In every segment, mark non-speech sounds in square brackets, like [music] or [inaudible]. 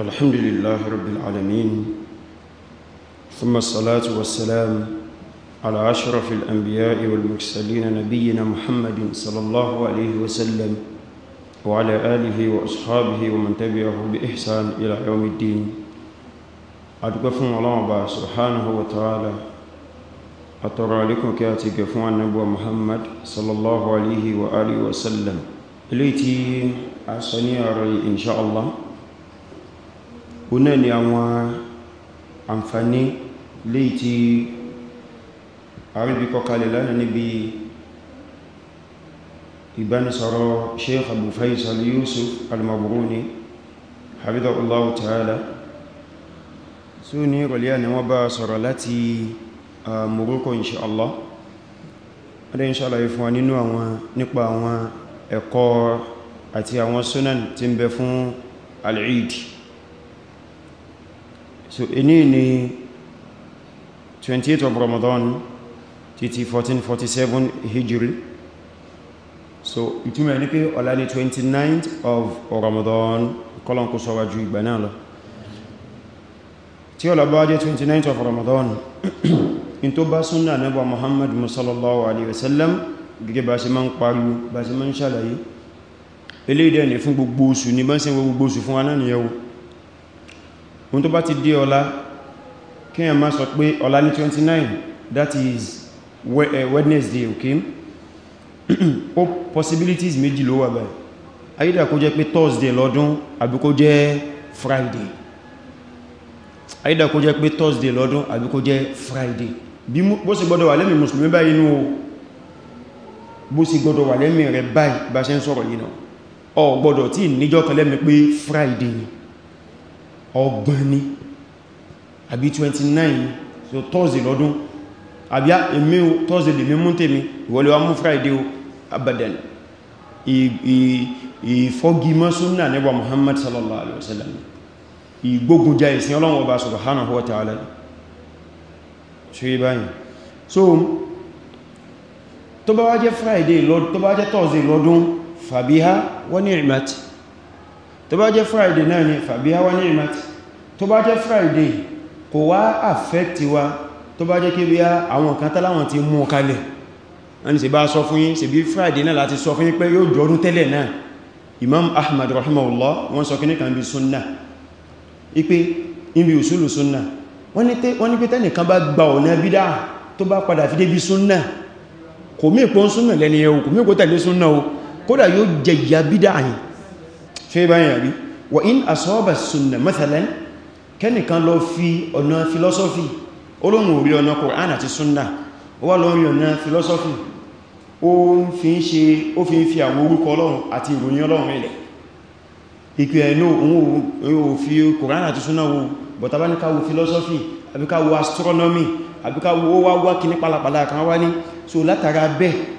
الحمد لله رب العالمين ثم الصلاة والسلام على أشرف الأنبياء والمرسلين نبينا محمد صلى الله عليه وسلم وعلى آله وأصحابه ومن تبعه بإحسان إلى يوم الدين أتقفون الله سبحانه وتعالى أترى لكم كاتي قفوا النبوة محمد صلى الله عليه وآله وسلم إليتي أصنيع رأي إن شاء الله òun náà ni àwọn àǹfàní léyìí tí àríbí kọkalẹ̀ lánàá níbi ìbánisọ̀rọ̀ Sheikh Abu Faisal Yusuf al-Mabruni habibullahu ta'ala tí ó ní ìrọ̀lẹ́ ni wọ́n bá sọ̀rọ̀ láti Morocco inṣáàlá adé inṣáàlá ìfún wa nínú àwọn nípa àwọn ẹ̀kọ́ àti àwọn sunan tí ń bẹ fún al-Eid so eni ni 28 of Ramadan títí 1447 hijri so ìtumọ̀ ní pé ọ̀la ni 29th of Ramadan kolon kó sọ wájú ìgbà náà lọ tí ọ̀la bá jẹ́ 29th of Ramadan [clears throat] in tó bá súnnà Ànábì Muhammad musallallahu alaihi wasallam gẹ́gẹ́ bá ṣe máa ń pariwo bá ṣe máa ń ṣàlàyé eléyìí dẹ̀ ní fún gbogbo oṣù ní bá ń gbogbo oṣù fún anáníyàwó ohun tó bá ti dé ọlá kíyàn má sọ pé ọlá ní 29 that is eh, Wednesday okay [clears throat] ó possibilities méjì ló wà báyìí ayídà kó jẹ́ pé Thursday lọ́dún àbí kó jẹ́ Friday ayídà kó jẹ́ pé Thursday lọ́dún àbí kó jẹ́ Friday bí bó sì gbọ́dọ̀ wà lẹ́mì mùsùlùmí báyìí nú bó sì gbọ́dọ̀ wà lẹ́mì rẹ̀ báyìí bá ṣe ń sọ̀rọ̀ yìí náà ó gbọ́dọ̀ tí níjọ́ kan lẹ́mì pé Friday ni ọgbọ̀n ni àbí 29 so thursday lọ́dún àbí èmi o thursday lè mímú tèmi ìwọlẹ̀ wa mú friday o abadan ìfọ́gímọ́ súnnà nígbà muhammad sallallahu alaihi wasallam ìgbógun jẹ ìsìn ọlọ́run ọba subhanahu wa ta'ala ṣe so tó bá friday lọ́dún tó bá jẹ́ thursday lọ́dún fàbíhá tó bá jẹ́ friday náà ni fàbí hawa ní ìmọ̀tí tó bá jẹ́ friday kò wá àfẹ́tì wa tó bá jẹ́ kí bí àwọn kan tàláwọn ti mú kalẹ̀ wọ́n ni sì bá sọ fún yín sì bí friday náà láti sọ fún yín pé yóò jọdún tẹ́lẹ̀ náà imam ahmad rahimahullah wọ́n sọ kíní kan sunna ipé ibi usulu sunna wọ́n ní pé tẹ́nìkan bá gba ọ̀nà bídá tó bá sunna kò mí sunna lẹ́ni ẹ̀ kò mí ìpọ́n sunna o kódà yóò jẹ ìyà bídá ṣe báyìí àrí wà in asọ́ọ̀bà sunna mathalan kẹ́nìkan lọ fi ọ̀nà filosofi olóhun orí ọ̀nà Qur'an àti sunna ó wá lórí ọ̀nà filosofi ó fi ń ṣe ó fi ń fi àwọn orúkọ ọlọ́run àti ìròyìn ọlọ́run ilẹ̀ ìpẹ̀ ẹ̀nà òun ò fi Qur'an àti sunna wo bọ̀tàbá ní káwo filosofi àbíkáwo astronomy àbíkáwo ó wá wá kí ní pálapàla kan wá ní so látara bẹ́ẹ̀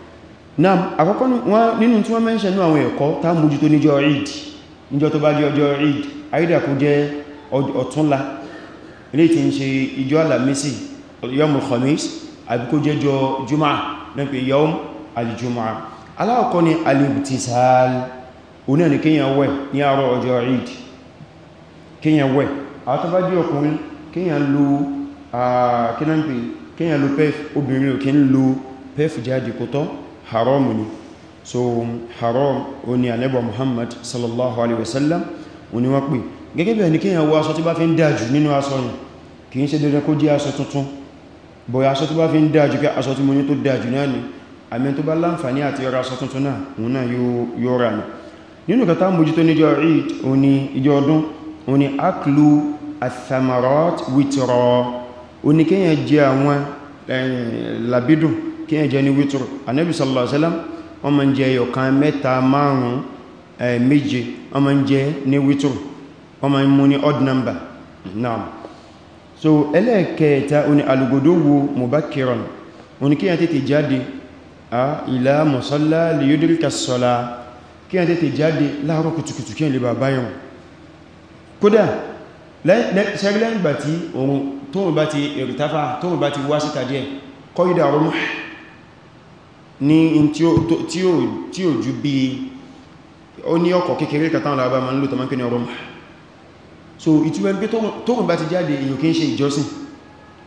náà àkọ́kọ́ nínú tí wọ́n mẹ́ṣẹ̀ ní àwọn ẹ̀kọ́ tá mújú tó níjọ́ Eid níjọ́ tó bá jẹ́ ọjọ́ Eid àídàkú jẹ́ ọ̀túnla ilé tí ń ṣe ìjọ́ alamisi yọmù khamis àbíkó jẹ́ jọ jùmá náà pé yọm alìjùmá aláwọ̀kọ́ ni alìbìtìsáàl oní ẹni kíyàn wẹ̀ ní àárọ̀ ọjọ́ Eid kíyàn wẹ̀ àwọn tó bá jẹ́ ọkùnrin kíyàn lo kíyàn lo pef obìnrin ò ń lo pef jáde kò tọ́ haram ni so haram o ni anẹ́bọ̀ muhammad sallallahu alaihi wasallam o ni wọ́n pè gẹ́gẹ́ bí ẹni kí èyàn wọ aṣọ tí bá fi ń dájú nínú aṣọ yìí kì í ṣe dandan kó jẹ́ aṣọ tuntun bọ̀yà aṣọ tí bá fi ń dájú pé aṣọ tí mo ní tó dájú náà ni àmì tó bá láǹfàní àti ọ̀rọ̀ aṣọ tuntun náà òun náà yóò rà nínú kí ẹ jẹ ní wítúrù anẹ́bí sallallahu alaihi wasallam wọ́n ma ń jẹ ẹyọ̀kan mẹ́ta márùn-ún méje wọ́n jẹ ní wítúrù wọ́n mú ní odd number naam so ẹlẹ́ẹ̀kẹta oní alùgbòdówó mubakiran oní kí ẹ tètè jáde ila musalla liyudrika as-sala kí ẹ tètè jáde láàárọ̀ kùtùkùtù kí ẹ lè bà báyàn kódà sẹ́gbẹ̀lẹ́gbà tí ohun tóun bá ti èrìtáfà tóun bá ti wá síta díẹ̀ kọ́ ìdà ọmọ ní tí ó jú bí ó ní ọkọ̀ kékeré kàtàwọn lábá ma ń lò tàbí ní ọrọ̀mà so ìtúwẹ́ pé tóòrùn bá ti jáde èyàn kí ń ṣe ìjọsìn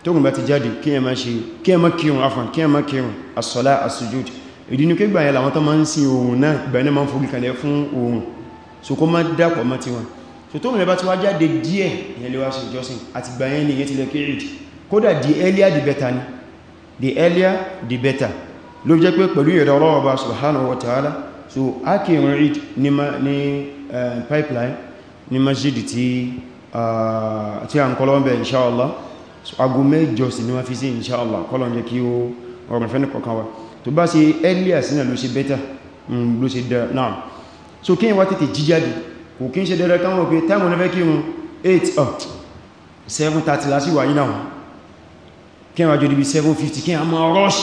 tóòrùn bá ti jáde kí ẹ má ṣe kí ẹ má kírun afan kí ẹ má kírun asọ́lá asujud ìdínú pé gbàyẹ̀ làwọn tó ma ń sin oòrùn náà gbàyẹ̀ ma ń forí kalẹ̀ fún oòrùn so kó má dàpọ̀ mọ́ ti wọn so tóòrùn bá ti wá jáde díẹ̀ ìyẹn lè wá ṣe ìjọsìn àti gbàyẹ̀ ni ìyẹn ti lè kí kódà the earlier the better ni the earlier the better ló jẹ́ pé pẹ̀lú ìrẹ̀ ọlọ́wọ́ bá subhanahu wa ta'ala so a kí ìrìn rí ní pipeline ní masjid tí a ń kọ́lọ́ bẹ̀ inṣáàlá so ago mẹ́jọ sí ní wọ́n fi sí inṣáàlá kọ́lọ̀ jẹ́ kí ó ọ̀rùn fẹ́ nìkọ̀kan wa tó bá ṣe earlier sí náà ló ṣe better mm, ló ṣe dá náà so kí wá tètè jíjáde kò kí ń ṣe dẹ́rẹ́ káwọn pé táwọn ní fẹ́ kí wọn 8 up 7:30 lásìwà yìí náà kí wọ́n jọ dìbí 7:50 kí wọ́n máa rush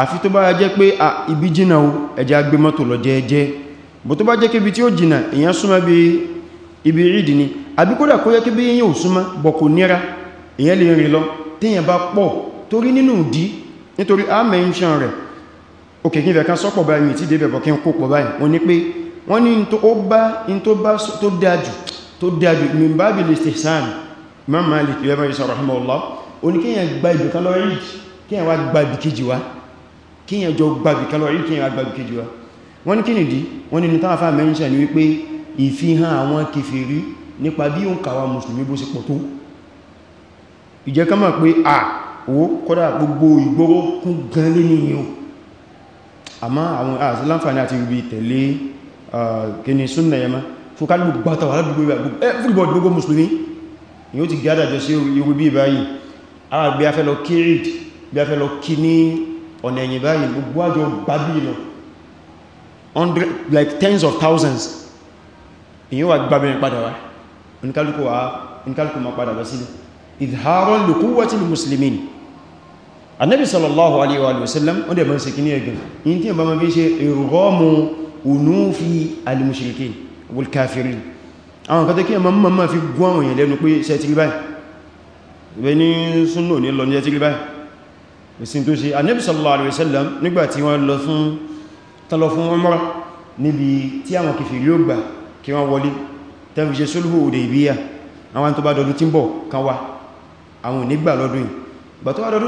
àfi tó bá jẹ́ pé à ibi jìnà o ẹjẹ́ agbé mọ́tò lọ jẹ́ẹ̀jẹ́ bó tó bá jẹ́ kí ibi tí ó jìnà èyàn súnmọ́ bí ibi rídì ni àbí kódà kó yẹ kí bí yíò súnmọ́ bọ̀ kò níra èyàn lè rìn lọ téèyàn bá pọ̀ torí nínú ìdí nítorí a mention rẹ̀ òkè kí n fẹ́ kan sọ́pọ̀ báyìí tí débẹ̀ bọ̀ kí wá kíyàn jọ gbàbì kan lọ rí kíyàn agbàbì kejì wa wọ́n ní kí ni dí wọ́n nínú tánfà mẹ́rinṣà ní wípé ìfihàn àwọn kèfèrí nípa bí o ń kàwà mùsùlùmí bó ṣe pọ̀ tó ìjẹ́ ká mọ̀ pé à owó kọ́dà gbogbo ìgboro kún gan lé ní o àmá àwọn àti láǹfààní àti ibi tẹ̀lé kíni súnnà yẹmá fúkálù gbátà wà ládùgbò gbogbo mùsùlùmí yóò ti gádà jọ sí orí bí báyìí àwọn àgbé afẹ́ lọ kí ọ̀nà ẹ̀yìn báyìí gbogbo àjọ gbábí lọ like tens of thousands èyí wà gbábẹ̀rẹ̀ padà wá oníkálùkù wá oníkálùkù ma padà lọ sílẹ̀ idharon li quwwati lil muslimin annabi sallallahu alaihi wa sallam ó dẹ̀ mọ́n sí kí ní ẹgbẹ̀ yìí tí ìbá ma fi ṣe irghamu unufi al-mushrikin wal kafirin àwọn kan tó kí ẹmọ mọ́ fi gbọ́ àwọn èèyàn lẹ́nu pé ṣe ti rí báyìí ìsin tó ṣe Ànábì sallallahu alaihi wasallam nígbàtí wọ́n lọ fún tán lọ fún Umrah níbi tí àwọn kìfì rí ó gbà kí wọ́n wọlé tẹ́fì ṣe Sulhu Hudaybiyah àwọn tó bá dọdún tí ń bọ̀ kan wá àwọn onígbà lọ́dún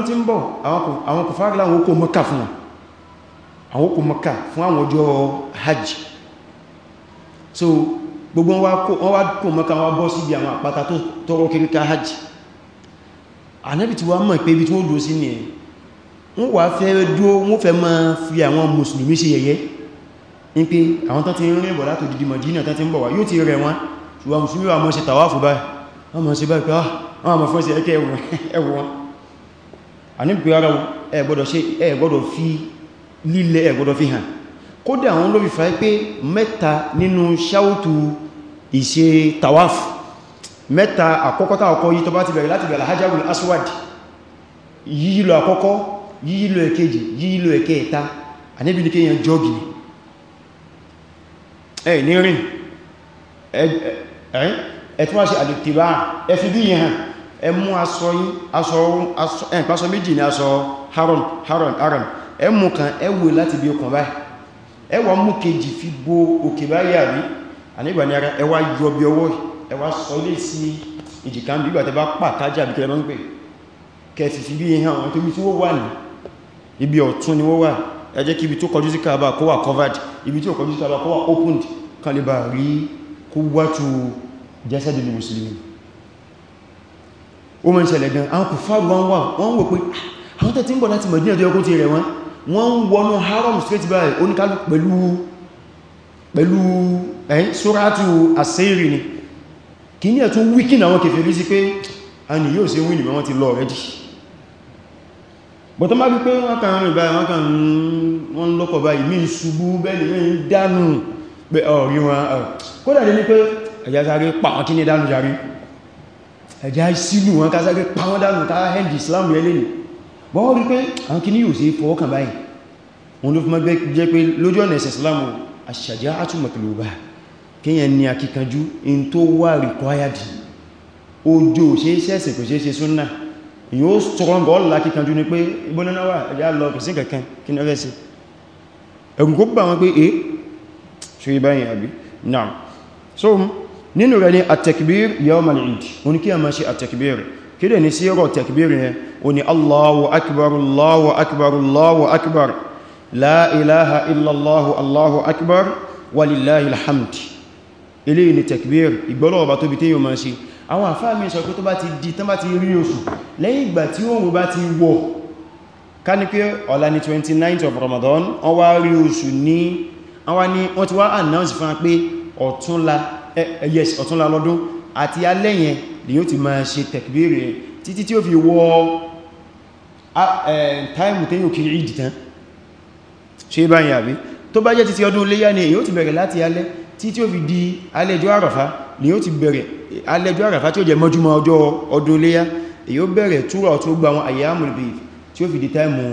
yìí tí ń so gbogbo wọn wá kò Mọ́kà wọn bọ́ síbi àwọn àpáta tó tọrọ kiri ká hajj Ànábì mọ̀ pé ibi tí wọ́n dúró sí nìyẹn wọ́n wà fẹ́ dúó wọ́n fẹ́ máa fi àwọn mùsùlùmí ṣe yẹ̀yẹ́ ní pé àwọn tán ti ń rìn bọ̀ láti òdìdí Mọ̀dínà tán ti ń bọ̀ wá yóò ti rẹ̀ wọ́n ṣùgbọ́n mùsùlùmí wà mọ́ ṣe tàwáfù báyìí wọ́n mọ́ ṣe báyìí pé ah, wọ́n mọ́ fún ṣe ẹkẹ́ ẹwù wọn àní pé ara ẹ gbọ́dọ̀ ṣe ẹ gbọ́dọ̀ fi lílẹ̀ ẹ gbọ́dọ̀ fi hàn kódà àwọn ló fi fa pé mẹ́ta nínú ṣáútù ìṣe tàwáfù mẹ́ta àkọ́kọ́ táwọn kọ yí tó bá ti bẹ̀rẹ̀ láti bẹ̀rẹ̀ hajjáwùl aswad yíyí lọ àkọ́kọ́ yíyílò ẹ̀kejì yíyílò ẹ̀kẹta àníbi ní kí èyàn jọ́gì ẹ̀ ní rìn ẹ̀tún wá sí àdìtìbá ẹfi bí yẹn hàn ẹ mú aṣọ yí aṣọ ẹ̀pásọ méjì ní aṣọ haron haron haron ẹ mú kan ẹ wò láti bí okùn báyìí ẹ wá mú kejì fi bo òkè báyìí àrí àníbà ní ara ẹ wá yọ bí ọwọ́ ẹ wá sọ lé sí ìjìká bí àwọn tó bí tí ó wà ní ibi ọ̀tún ni wọ́n wà ẹ jẹ́ kí ibi tó kọjú sí Kaaba kó wà covered ibi tí ó kọjú sí Kaaba kó wà opened kan lè bà rí quwwatu jasadil muslimin ó mọ́ ìṣẹ̀lẹ̀ gan àwọn kò fàájú wọn wà wọ́n wò pé ah, àwọn ń bọ̀ straight by oníkálù pẹ̀lú pẹ̀lú ẹ̀yìn sóràtù àṣírí ni kí ní ẹ̀tún wíkì náwọn kèfèrí sí pé a ah, bọ̀ tó má bí pé wọ́n kàn rìn báyìí wọ́n kàn wọ́n lọ́kọ̀ báyìí mí ṣubú bẹ́ẹ̀ni mí dánù pé ọ̀rí wọn kódà ní pé ẹ̀yà sáré pa wọn kí ní dánù jarí ẹ̀yà sílù wọn kásáré pa wọn dánù tá hẹ́ndì Islam rẹ̀ lè bọ́ rí pé àwọn kí ní yóò sí fọwọ́kàn báyìí wọn ló fi mọ́ jẹ́ pé lójú ọ̀nà ẹ̀sẹ̀ Islam aṣ-ṣajā'atu matlūbah kíyàn ní akíkanjú in tó wà required ojo ṣe ṣẹ́sẹ̀ kò ṣe ṣe sunnah yóò strong all láti kanjú ní pé ìbónáná wà ẹjá lọ kì sí kẹ̀kẹ́ kí ní rẹ̀sí ẹ̀gùn kó bà wọn pé e ṣe ìbáyìn àbí náà so nínú rẹ̀ ni at-takbir yawm al-eid wọn kí a máa ṣe at-takbir kí dẹ̀ ní sí ọ̀rọ̀ at yẹn o allahu akbar allahu akbar allahu akbar la ilaha illallahu allahu akbar walillahil hamd eléyìí ni tekbir ìgbọ́lọ̀ ọba tóbi tí yíò máa ṣe àwọn àfáà mi sọ pé tó bá ti di tán bá ti rí oṣù lẹ́yìn ìgbà tí oòrùn bá ti wọ̀ ká ní pé ọ̀la ni 29th of Ramadan wọ́n wá rí oṣù ní wọ́n ti wá announce fún pé ọ̀túnla yes ọ̀túnla lọ́dún àti alẹ́ yẹn ni yóò ti máa ṣe tekbir títí tí ó fi wọ táìmù tẹ́yìn òkè ìdìtán ṣe báyìí àbí tó bá jẹ́ títí ọdún léyà ni èyí ó ti bẹ̀rẹ̀ láti alẹ́ tí tí ó fi di alẹ́jọ́ àràfá ni ó ti bẹ̀rẹ̀ alẹ́jọ́ àràfá tí ó jẹ mọ́júmọ́ ọjọ́ ọdún léyá èyí ó bẹ̀rẹ̀ túrọ̀ tó gba àwọn àyàmùlùbí tí ó fi di táìmù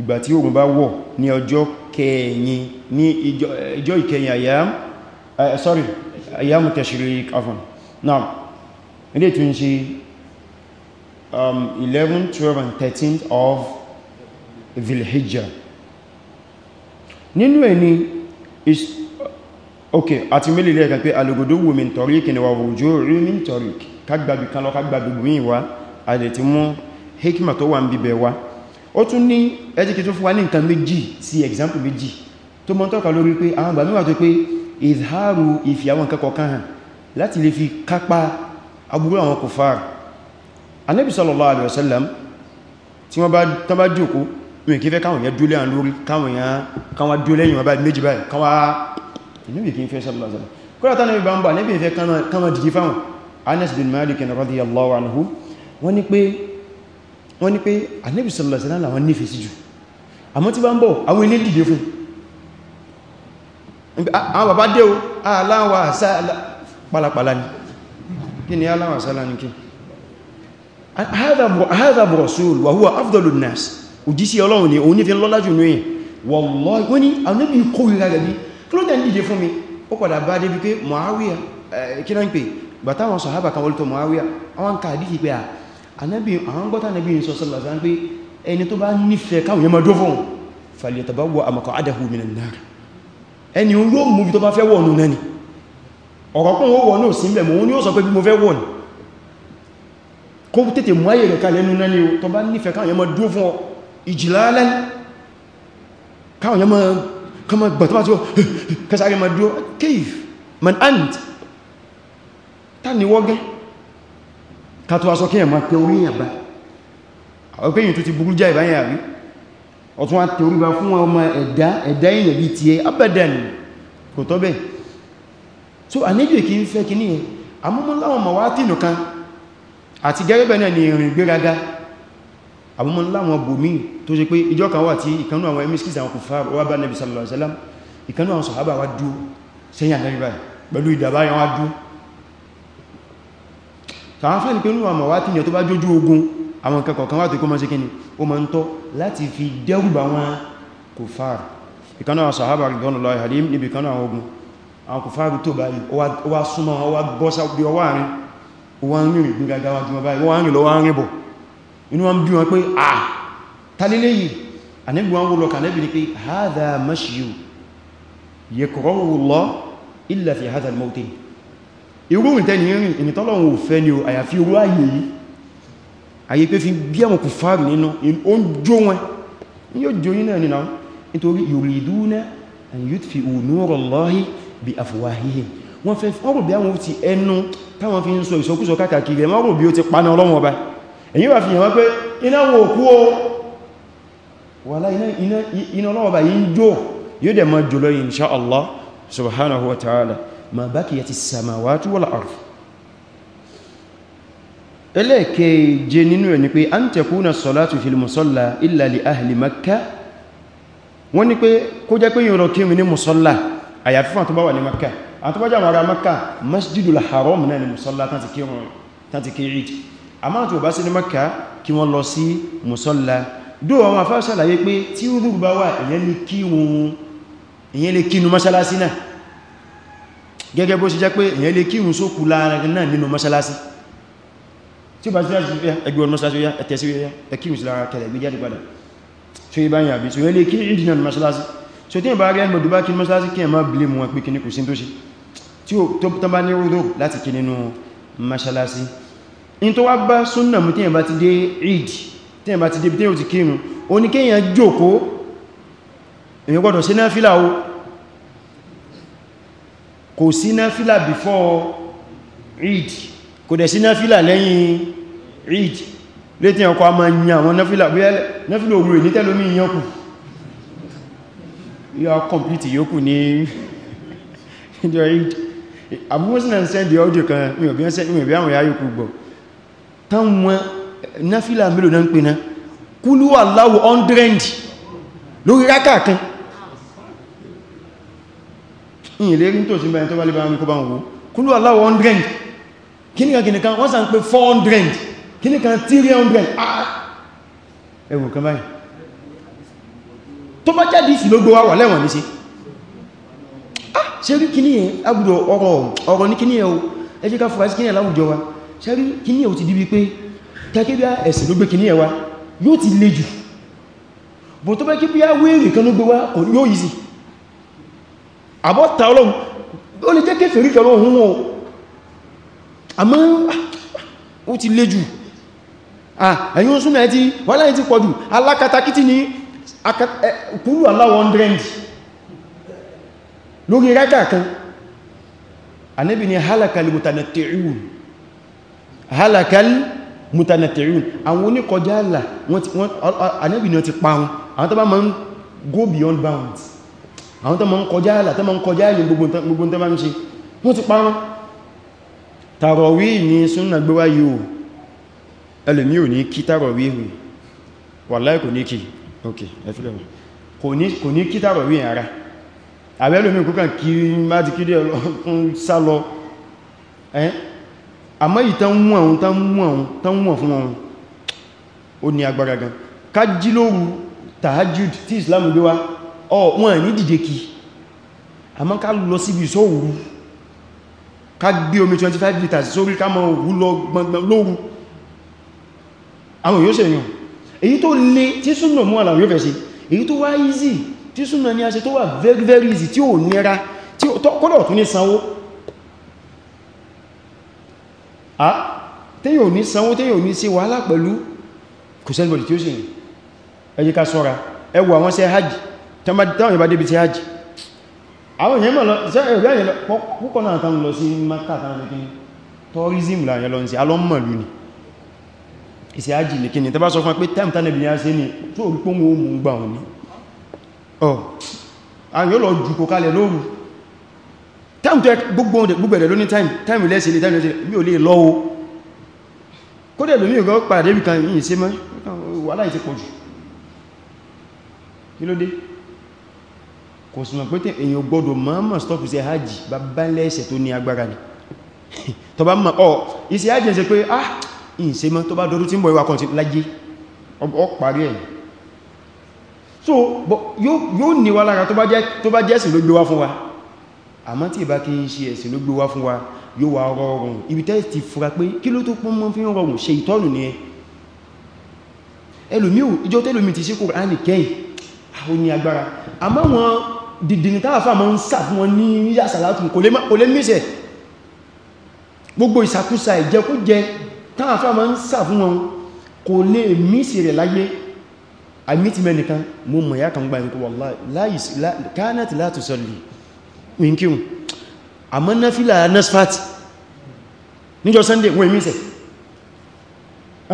ìgbà tí oòrùn bá wọ̀ ní ọjọ́ kẹyìn ní ìjọ ìkẹyìn àyàm eh, sorry àyàmù tashriq afan now ilé tún ṣe um 11 12 and 13 of Dhul Hijjah nínú ẹni is ok àti mílì lẹ́ẹ̀kan pé alùgbòdówò min tọ̀ríkì ni wà wòjò rí min tọ̀ríkì kágbàbì kan lọ kágbàbì gbìyìn wá àdẹ̀ tí mú hikima tó wà ń bíbẹ̀ wá ó tún ní ẹjíkì tó fún wa ní nǹkan méjì sí example méjì tó mọ́ tọ́ka lórí pé àwọn àgbà mẹ́wàá tó pé ìzháàrù ìfì àwọn kẹ́kọ̀ọ́ kan hàn láti lè fi kápá aburú àwọn kòfàr anábì sallallahu alaihi wasallam tí wọ́n bá jòkó mi níbi kí n fẹ́ sallallahu alaihi wasallam kọ́lá tánà ìbá ń bà níbi ìfẹ́ kama jìdí fáwọn Anas bin Malik radiyallahu anhu wọ́n ni pé wọ́n ni pé Ànábì sallallahu alaihi wasallam àwọn nífẹ̀ẹ́ sí jù àmọ́ tí bá ń bọ̀ àwọn ilé dìde fún àwọn bàbá dé o aláwọ̀ àṣà pàlàpàlà ni kí ni aláwọ̀ àṣà lánìí wọ́n ni àwọn níbi kó ìrà rẹ̀ kí ló tẹ́ dìde fún mi ó padà bá débi pé Muawiya kí náà ń pè gbàtàwọn sọ̀hábà kan wọlítọ̀ Muawiya àwọn ká àdíkì pé ànábì àwọn gbọ́ta ànábì sọ sọ́lọ̀ sọ́n pé ẹni tó bá nífẹ̀ẹ́ káwọn yẹn máa dúró fún falyatabawwa maq'adahu minan nar ẹni yóò mú bí tó bá fẹ́ wọ̀nù náà ni ọ̀rọ̀kún ó wọ̀nù sí ilẹ̀ mọ̀ ní ó sọ pé bí mo fẹ́ wọ̀nù kó tètè mú ayé rẹ̀ kalẹ̀ nínú náà ni tó bá nífẹ̀ẹ́ káwọn yẹn máa dúró fún ọ ìjìlá kama gbàtọ́ àti kẹsàrí ma dúró kéif man ant ta ni wọ́gẹ́ ká tó aṣọ kíyàn ma pẹ orí àbá ọ̀pẹ́ yìí tó ti burú já ìbáyà rí ọ̀tún àti orí bá fún ọmọ ẹ̀dá ẹ̀dá èyàn bí ti ẹ abadan kò tọ́ bẹ́ẹ̀ so àníjò kí ń fẹ́ kí ní ẹ amúmúláwọn mọ̀wátìnù kan àti gẹ́gẹ́bẹ̀ náà ni ìrìn gbéraga àbúmọ́ láwọn bòmí tó ṣe pé ìjọ kan wà tí ìkanú àwọn emiskis àwọn kùfàr wà bá nẹ́bí sallallahu alaihi wasallam ìkanú àwọn sàhábà wá dú sẹ́yìn àdẹ́rí báyìí pẹ̀lú ìdàbá yẹn wá dú sàwọn fẹ́ ní pé níwọ̀n àmọ̀ wá tí ìyẹn tó bá jójú ogun àwọn kẹkọ̀ọ́ kan wà tó kó mọ́ sí kíni ó mọ́ ń tọ́ báyìí ó wá súnmọ́ wọn wá bọ́sá bí ọwọ́ àárín ó wá ń rìn gbígbàgbà wájú báyìí ó wá ń rìn lọ́wọ́ àárín bọ̀ inú wọn bí wọn pé à talílé yìí àníbí wọn wó lọ kànẹ́bì ní pé hadha mashiyu yakrahu Allah illa fi hadha al-mawtin irú ìtẹ́ni rìn ìnitọ́lọ́run ò fẹ́ ni o àyàfi irú ayé yìí ayé pé fi bí àwọn kò fà nínú o ń jó wọn yóò jó yí náà nínú nítorí yuriduna an yutfi'u nura Allahi bi afwahihim wọ́n fẹ́ ọrọ̀ bí àwọn ti ẹnu táwọn fi ń sọ ìsọkúsọ káàkiri ẹ̀mọ́ bí ó ti paná ọlọ́wọ́ báyìí èyí wà fi hàn pé iná wọn ò kú o wàlá iná ọlọ́wọ́ bá yí ń jó yóò dẹ̀ mọ́ jùlọ insha Allah subhanahu wa ta'ala ma baqiyatis samawati wal ardh ẹlẹ́ẹ̀keje nínú ẹ̀ ni pé an takuna salatu fil musalla illa li ahli Makkah wọ́n ni pé kó jẹ́ pé yìí rọ kí mi ní musalla àyàfi fún àtúbáwà ní Makkah àtúbájá àwọn ará masjidul haram náà ni musalla tàti kí àmá tó bá sí ní Mákà kí wọ́n lọ sí musalla dó àwọn afá ṣàlàyé pé tí ó rúgbà wà èyàn lè kínú mọ́ṣálásí náà gẹ́gẹ́ bó ṣe jẹ́ pé èyàn lè kírun sókù láàrin náà nínú mọ́ṣálásí tí ó bá sílá sí ẹgbẹ́ ọdún mọ́ṣálásí ya ẹ̀tẹ̀ sí ẹkírun sí lára kẹlẹ̀ gbéjáde padà tí ó bá yìn àbí tí ó lè kírun ìdínà mọ́ṣálásí so tí ó bá rẹ̀ mọ̀dúbá kí mọ́ṣálásí kí ẹ má bilé mu wọn pé kí ní kò sí tó ṣe tí ó tó bá ní rúdó láti kí nínú mọ́ṣálásí in tó wá bá súnnà mú tíyàn bá ti dé Eid tíyàn bá ti dé tíyàn ti kírun o ní kíyàn jòkó èyàn gbọ́dọ̀ sí náfílà o kò sí náfílà before Eid kò dẹ̀ sí náfílà lẹ́yìn Eid létí ọkọ̀ a máa yìn àwọn náfílà bí náfílà òwúrẹ̀ ní tẹ́lómí yọkù yọ complete yókù ní ìjọ Eid àbúmọ́sí náà send the audio kan mi ò bí àwọn ìyá yókù gbọ́ tán wọn náfílà mélòó náà ń pè náà kúlú Allahu 100 lórí rákà kan ìyìn lérí tó sí báyìí tó bá lè bá ń kó bá ń wó kúlú Allahu 100 kíníkan kíníkan wọ́n sàn pé 400 kíníkan 300 ẹwù kan báyìí tó bá jáde ìsì ló gbówá wà lẹ́wọ̀n ní sí ah! ṣe rí sí kíní ẹ̀ wa ṣẹ́rí kíní ẹ̀ ò ti díbi pé takébíá ẹ̀sìn ló gbé kíní ẹ̀ wá yóò ti le jù bò tó bẹ́ kí bí á wéèrè kan ló gbé wá kò yóò yìí sí àbọ́ta ọlọ́run ó lè jẹ́ kéfèrí kan lóhun wọn àmọ́ ó ti le jù ẹ̀yìn oṣù náà ti halakal mutanatiun àwọn oníkọjá àlà Ànábì ni wọ́n ti pa wọn àwọn tó bá ma go beyond bounds àwọn tó ma ń kọjá àlà tó ma ń kọjá àyè gbogbo tó bá ń ṣe wọ́n ti pa wọn tàrọ̀wí ni súnnà gbówá yóò ẹlùmí ò ní kí tàrọ̀wí rẹ̀ wàláhì kò ní kí ok ẹfílẹ̀mù kò ní kí tàrọ̀wí ara àbẹ́lùmí kúkàn kí má ti kí dẹ̀ lọ́kún sálọ ẹ́ àmọ́ yìí tán wọ́n ohun tán wọ́n ohun tán wọ́n fún ohun ó ní agbára gan ká jí lóru tahajjud tí islam gbé wá ọ wọ́n ní dìde kí àmọ́ ká lọ síbi ìṣòwòrú ká gbé omi 25 litres sórí ká mọ́ òwú lọ gbọngbọn lóru àwọn yóò ṣe èyí tó le tí súnà mú àlàyé yóò fẹ́ ṣe èyí tó wá easy tí súnà ní a ṣe tó wà very very easy tí ò nira tí ó tọ́kọ́dọ̀ tún ní sanwó a ah, téyàn ní sanwó téyàn ní sí wàhálà pẹ̀lú kò sẹ́lbọ̀dì tí ó sì rìn ẹjí ká sọ́ra ẹwọ àwọn ṣe hajj táwọn ìbá débi ti hajj àwọn èèyàn mọ̀ lọ sí ẹgbẹ́ àyẹ̀ púpọ̀ náà tán lọ sí Mẹ́kà tán ní kíní tourism láyẹ̀ lọ sí alọ́mọ̀lú ni ìsẹ̀ hajj ní kíní tẹ́bá sọ fún pé tẹ́m a ṣe ní tó rí pọ́n wọn ó mú gbà wọn ni ọ̀ àwọn yóò lọ jù kó time to gbogbo ọdẹ gbogbo ẹ̀rẹ̀ lóní time time lẹ́sì ilé time lẹ́sì mi ò lè lọ́wọ́ kó dẹ̀ lómi ìgọ́ pàdé bí kan yìí sí mọ́ wà láì ti pọ̀jù kí ló dé kò súnmọ̀ pé èyàn gbọ́dọ̀ máa stop iṣẹ́ hajj bàbá lẹ́ẹ̀ṣẹ̀ tó ní agbára ni [laughs] tó bá mọ̀ ọ́ iṣẹ́ hajj ṣe pé ah ìṣe mọ́ tó bá dọdún tí ń bọ̀ ìwà kan ti láyé ọ parí ẹ̀ so yóò níwá lára tó bá jẹ́ sí ló gbé wá fún wa àmọ́ tí ìbá kí ń ṣe ẹ̀sìn ló gbé wá fún wa yóò wá rọrùn ibi tẹ́ ti fura pé kí ló tó pọ́n mọ́ fi ń rọrùn ṣe ìtọ́nù ni ẹ ẹlòmí ò ìjọ tẹ́lòmí ti ṣe Kùránì kẹ́yìn àwọn ní agbára àmọ́ wọn dìdìní táàfà ma ń sà fún wọn ní yà sàlátùn kò lè mísẹ̀ gbogbo ìsàkúsà ìjẹkújẹ táàfà ma ń sà fún wọn kò lè mísì rẹ̀ láyé àmì ti mẹ́nìkan mo mọ̀ yá kan gbà ní kò wallahi kánàtì látùsọ̀lì winkirun àmọ́ náfílà nasfat níjọ sunday wọ́n èmì ìsẹ̀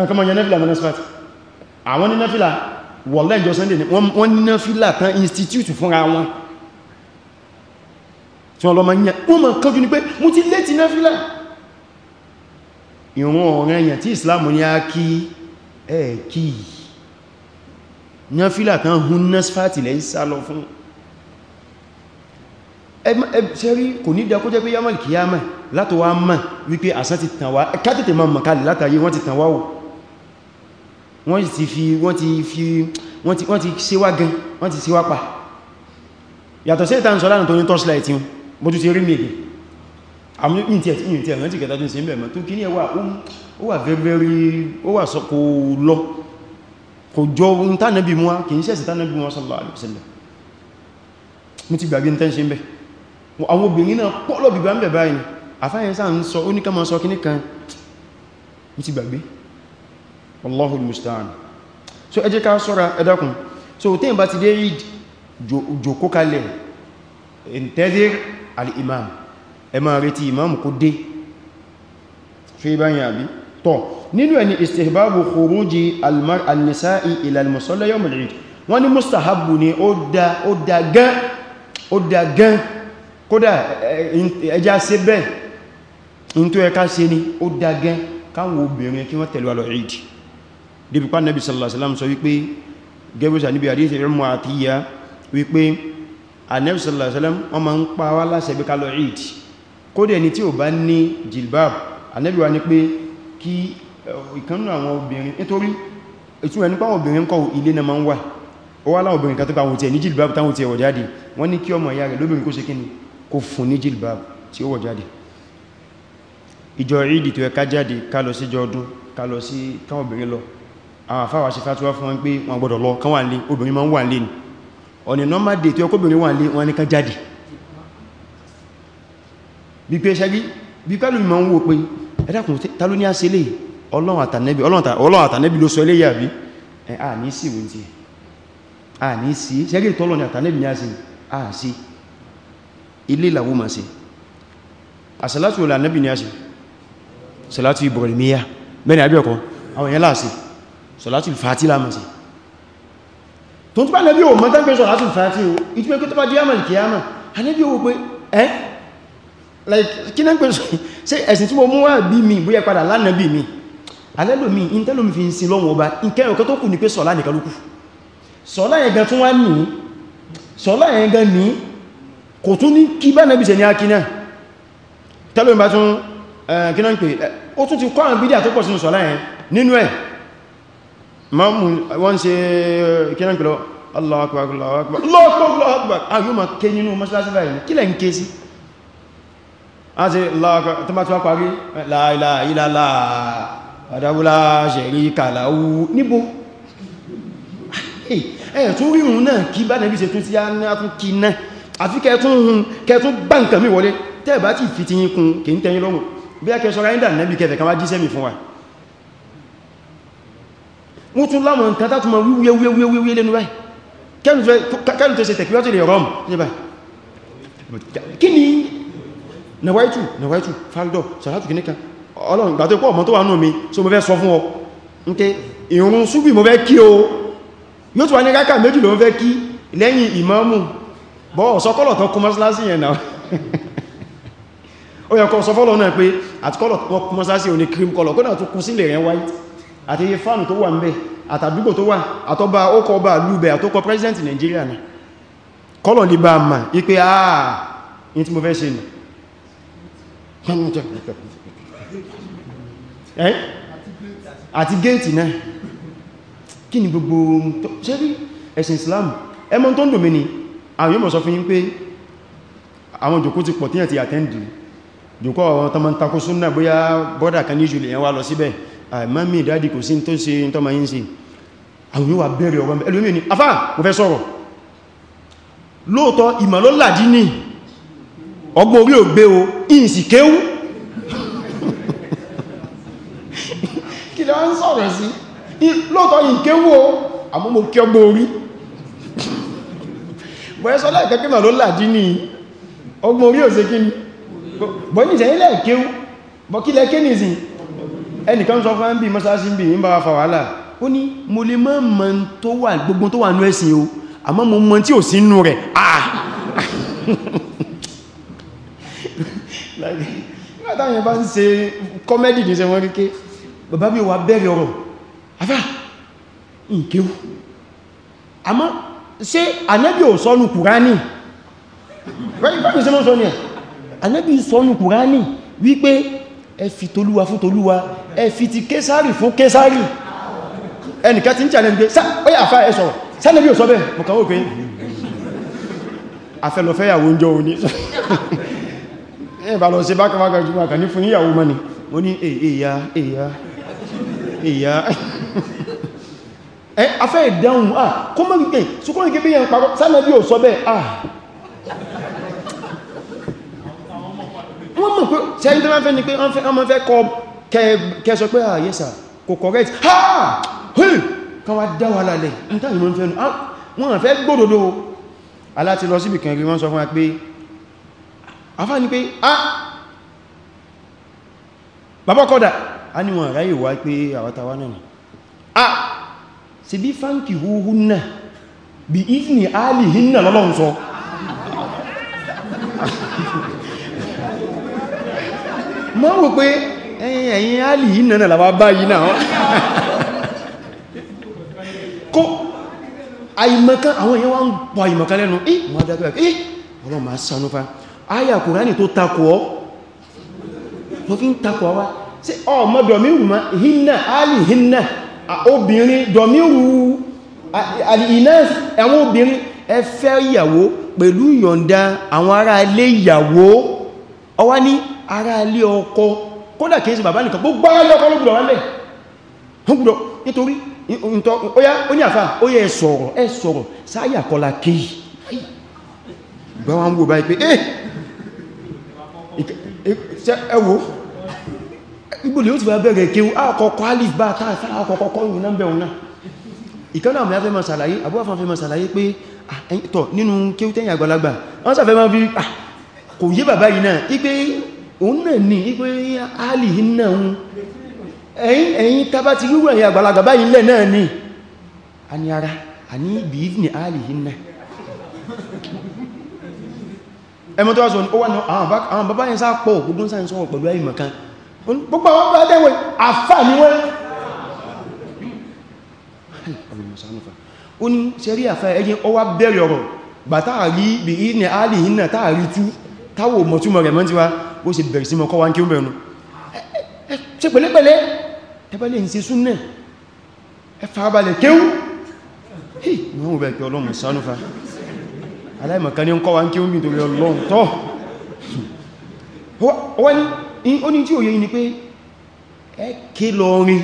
ọkọ̀mọ̀ yẹ náfílà nasfat àwọn ní náfílà wọ̀lẹ́ ìjọ sunday wọ́n ní náfílà tán institute fúnra wọn tí wọ́n lọ ma yẹn wọ́n ma kọjú ní pé mú ti létí náfílà ìrún ọ̀rẹ́ èyàn tí islam ní a kí ẹ̀ kí náfílà tán hún nasfat lẹ́ ń fún ṣẹ́rí kò ní dákó jẹ́ pé yamal kìyàmà látò wá mọ̀ wípé àsán ti tàn wá kátètè ma mọ̀kálì látàyé wọ́n ti tàn wá o wọ́n ti fi wọ́n ti fi wọ́n ti ṣe wá gan wọ́n ti ṣe wá pa yàtọ̀ sí ìtàn sọ́lá tó ní torchlight yun bójú ti rí mègì àmúlùmí tí ẹ̀ tí àwọn obìnrin náà pọ́lọ̀ bìbá ń bẹ̀ báyìí àfáyẹnsá ń sọ ó ní ká máa sọ kíní kan ní ti gbàgbé Allahu mustaan so ẹ jẹ́ ká ṣọ́ra ẹ so tẹ́yìn bá ti dé rí jòkó kalẹ̀ intadhir al-imam ẹ máa retí imam kó dé ṣe báyìí àbí tọ́ nínú ẹni istihbabu khuruji al-nisa'i ila al-musalla yawm al-eid wọ́n ni kódà ẹjá ṣe bẹ́ẹ̀ in tó ẹka ṣe ni ó dagẹ́ káwọn obìnrin kí wọ́n tẹ̀lé wa lọ ìdí débi pa Nabi sallallahu alaihi wasallam sọ wípé gẹ́gbẹ́sà níbi àdíṣẹ́ ìrìnmọ̀ àti ìyá wípé Ànábì sallallahu wọ́n ma ń pa wá láṣẹ bí ká ìdí jilbab Ànábì wa ní pé kí ìkannú àwọn obìnrin nítorí ìtún ẹni páwọn obìnrin na ma ń wà ó wá láwọn obìnrin jilbab táwọn tí ẹwọ̀ jáde wọ́n ní kí ọmọ kó kó fún ní jilbab tí ó wọ̀ jáde ìjọ ìdí tó ẹka jáde ká lọ sí jọdún ká lọ sí káwọn obìnrin lọ àwọn àfáwà sí fàtíwá fún wọn pé wọn gbọdọ̀ lọ kán wà ní obìnrin ma ń wà ní ọ̀nà normal day tí ọkọ̀bìnrin wà ní wọn ní ká jáde bí pé ṣẹ́gí bí pẹ́lú mi ma ń wò pé ẹ̀dàkùn ta ló ní á sílé ọlọ́run àtànẹ́bì ọlọ́run àtànẹ́bì ló sọ ilé yàbí ẹ̀ à ní sí ìwé ti à ní sí ṣẹ́gí ilé làwọn ma ṣe àṣàlátù olà nábì ní a ṣe ṣàlátù Ibrahimiyya mẹ́rin àbí ọkọ̀ àwọn èèyàn láàṣe ṣàlátù fàátí láàmà ṣe tó ń tó bá nábì o mọ́ tán pé ṣàlátù fàátí o ìtumẹ́ kí tó bá díyàmà kìyàmà anábì o pé ẹ́ kí náà pé ṣe ẹ̀sìn tí mo mú wà bí mi bóyá padà lánàbì mi alẹ́lòmí intẹ́lòmí fi ń sin lọ́wọ́ ọba ìkẹyàn kan tó kù ní pé sọ̀lá nìkan lókù sọ̀lá yẹn gan tún wá ní sọ̀lá yẹn gan ní kò tún ní kí bá nẹ́bí sẹ ní akí náà tẹ́lọ ìbá tún kí náà ń pè ó tún ti kọ́ àwọn bídíà tó pọ̀ sínú sọ́lá ẹ̀ nínú ẹ̀ wọ́n ṣe kí náà ń pè lọ Allahu akbar Allahu akbar Allahu la ilaha illallah la sharika lahu níbo ẹ̀ tún rí òun náà kí bá nẹ́bí ṣe tún sí á ní á tún kí náà àfi kẹtún hun kẹtún bá nǹkan mi wọlé tẹ́ẹ̀bá ti fi ti yín kún kì í tẹ́yìn lọ́rùn bí a kẹsọ́ra ìdà nẹ́bí kẹfẹ̀ kan wá jíṣẹ́ mi fún wa wọ́n tún láwọn nǹkan tátùmọ̀ wíwíwíwíwí lẹ́nu báyìí kẹ́lù tó ṣe tẹ̀kíwá tó lè rọ́m ní báyìí kí ni nàwáìtù nàwáìtù faldọ̀ sàrátù kì níkan ọlọ́run gbà tó pọ̀ ọmọ tó wà nù mi so mo fẹ́ sọ fún ọ n tẹ́ ìrun súbì mo fẹ́ kí o yóò tó wà ní káàkà méjì ló ń fẹ́ kí lẹ́yìn ìmámù bọ́ sọkọ́lọ̀ tán kún mọ́sálásí yẹn náà ó yẹ kọ́ sọ fọ́lọ̀ náà pé àtikọ́lọ̀ tán kún mọ́sálásí ò ní cream color kó náà tó kún sílẹ̀ rẹ̀ white àti iye fánù tó wà ń bẹ àtàdúgbò tó wà àtọ́bà ókọ̀ ọba lúbẹ̀ àtókọ̀ president Nigeria ni kọ́lọ̀ lè bá ma ipé àà in tí mo fẹ́ ṣe nì [laughs] àti gẹ́ẹ̀tì náà kí ni gbogbo ẹ̀sìn Islam ẹmọ́ tó ń dòmìnì àwọn yóò mọ̀ sọ fún yín pé àwọn jòkó ti pọ̀ tí àti àtẹ́ndì jòkó àwọn tọmọ takó súnnà bóyá bọ́dà kan ní jùlẹ̀ yẹn wá lọ síbẹ̀ mami ìdádi kò sí tó ṣe tọ́mọ yín sí àwọn yóò wà bẹ̀rẹ̀ ọgbọ́n ẹlòmí ni afá mo fẹ́ sọ̀rọ̀ lóòtọ́ ìmọ̀lọ́làdí ní ọgbọ́n orí ògbé o ìsì kéwú [laughs] kí lọ ń sọ̀rọ̀ sí lóòtọ́ ìkéwú o bọ́yẹ́ sọ́lá ìkẹ́kẹ́mà ló làdí ní ọgbọ̀n orí òsè kí ní bọ́yí ìsẹ̀yìn lẹ́ẹ̀kéú bọ́kí lẹ́ẹ̀ké ní ìsìn ẹnìkan sọ fún bí mọ́sálásí bí ń bá wa fa wàhálà ó ní mo lè mọ́ mọ́ tó wà gbogbo tó wà nú ẹ̀sìn o àmọ́ mo mọ́ tí ò sí nú rẹ̀ ah látàyìn bá ń ṣe kọ́mẹ́dì ní sẹ́wọ́n kíké bàbá bí wà bẹ́rẹ̀ ọ̀rọ̀ afá nkéú àmọ́ ṣe anẹ́bí ò sọ́nù kùránì rẹ́gbẹ́gbẹ́ sí mọ́ sọ́nù ẹ̀ anẹ́bí sọ́nù kùránì wípé ẹ fi tolúwa fún tolúwa ẹ fi ti késàrì fún késàrì ẹnìkẹ́ ti ń challenge pé ọyà àfá ẹ sọ̀rọ̀ sánẹ́bí ò sọ bẹ́ẹ̀ mọ̀ kàwọ́ pé afẹ́lọfẹ́yàwó ń jọ òní [laughs] ẹ̀bà lọ sí bákanwákà jùmọ̀ kà ní fún yíyàwó mọ́ni ó ní èyà èyà èyà ẹ́ eh, afẹ́ ìdáhùn ah kó mọ́ gbígbé ṣùgbọ́n ìgbé yẹn pàkọ́ sánàbí ò sọ bẹ́ẹ̀ ah wọ́n mọ̀ pé ṣẹ́yìn tó máa fẹ́ ni pé wọ́n máa fẹ́ kọ kẹsọ pé ah yes sir kò correct ha hey kan wá dá wà lálẹ̀ nítàrí mọ́ fẹ́ ah, wọ́n fẹ́ gbódòdó aláti lọ síbì kan rí wọ́n sọ fún wa pé afá ah, ni ah bàbá kọ́dà a ní wọ́n ráyè wá ah ti bí fáǹkì húhúnnà bí ìfìní àálì hínà lọ́lọ́run sọ mọ́ wò pé ẹ̀yìn àálì hínà náà làwà báyìí náà kó àìmọ̀kan àwọn èèyàn wá ń pọ̀ àìmọ̀kan lẹ́nu ẹ́ wọ́n dágbà ẹ́ ọlọ́run máa sánúfà áyà kùránì tó takò ọ́ sí ọmọdọ̀ hínà áálì hínà obìnrin dọ̀míru alìnás àwọn obìnrin ẹ fẹ́ ìyàwó pẹ̀lú ìyọ̀nda àwọn ará ilé ìyàwó ọwá ní ará ilé ọkọ kódà kìí bàbá nìkan gbogbo ará ọkọ ló gbọ́dọ̀ wà nítorí ó ní ó yẹ ẹ sọ̀rọ̀ gbogbo lè ó ti bá bẹ̀rẹ̀ kí àkọ́kọ́ alif bá tààfà àkọ́kọ́ ìrìn náà bẹ̀rún náà ìkánà àmì afẹ́ ma sàlàyé àbúwàfà fẹ́ ma sàlàyé pé ah, tọ̀ nínú kí ó tẹ́yìn àgbàlagbà wọ́n sàfẹ́ ma fi ah, kò yé bàbá yìí náà ipé òun náà ní ipé alì náà ẹ̀yìn tàbá ti rúrù ẹ̀yìn àgbàlagbà báyìí lẹ̀ náà ní àní ara àní ibi ní alì náà ẹmọ́ tó wá gbogbo àwọn ọmọ adẹ́wẹ̀ àfà ní wọ́n ó ní sẹ́rí àfà ẹ̀yìn ó wá bẹ̀rẹ̀ ọ̀rọ̀ gbà táàrí bí i ní àálì iná táàrí tú táwò mọ̀túnmọ̀ rẹ̀ mọ́ ti wá ó sì bẹ̀rẹ̀ sí mọ́ kọ́ wá ń kí ó bẹ̀rẹ̀ ṣe pẹ̀lẹ́pẹ̀lẹ́ tẹ́bẹ̀lẹ́ ń ṣe súnnẹ̀ ẹ farabalẹ̀ kéwú mọ́ bẹ̀ pẹ̀ ọlọ́run sánúfà aláìmọ̀kan ní ń kọ́ wá ń kí ó bẹ̀rẹ̀ ọlọ́run tọ́ ó ní tí òye ni pé ẹ ké lọ rin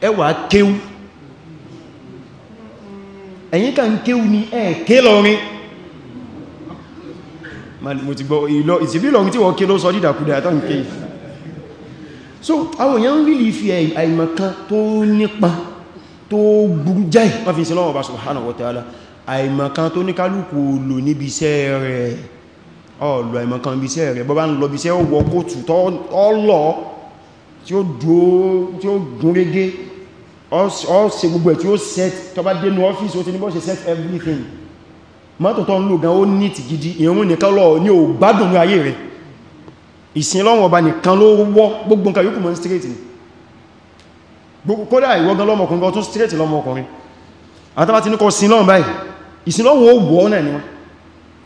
ẹwà kéwú ẹ̀yìn kà ń kéwú ni ẹ ké lọ rin mo ti gbọ́ ìlọ ìsìbí lọ tí wọ́n ké ló sọ dídàkúdà àtọ́ nké so àwọn èèyàn rí lè fi àìmọ̀kan tó nípa tó burú jáì wọ́n fi sí lọ́wọ́ bá subhanahu wa ta'ala àìmọ̀kan tó ní kálùkù lò níbi iṣẹ́ rẹ̀ ọ̀lọ̀ ìmọ̀kan ibi iṣẹ́ rẹ̀ bọ́bá ń lọ ibi iṣẹ́ ó wọ kóòtù tọ́lọ̀ tí ó gún régé ó ṣe gbogbo ẹ̀ tí ó set tó bá dénú ọ́fíìsì ó ti ní bọ́ ṣe set everything mọ́tò tó ń lò gan ó ní ti gidi ìrún nìkan lọ ní ò gbádùn ní ayé rẹ̀ ìsìn lọ́wọ́ ọba nìkan ló wọ́ gbogbo nǹkan yóò kù mọ́ straight ni kódà ìwọ́gan lọ́mọkùnrin ọtún straight lọ́mọkùnrin àtàbà ti ní kọ sin lọ́wọ́ báyìí ìsìn lọ́wọ́ ó wọ́ náà ni wọ́n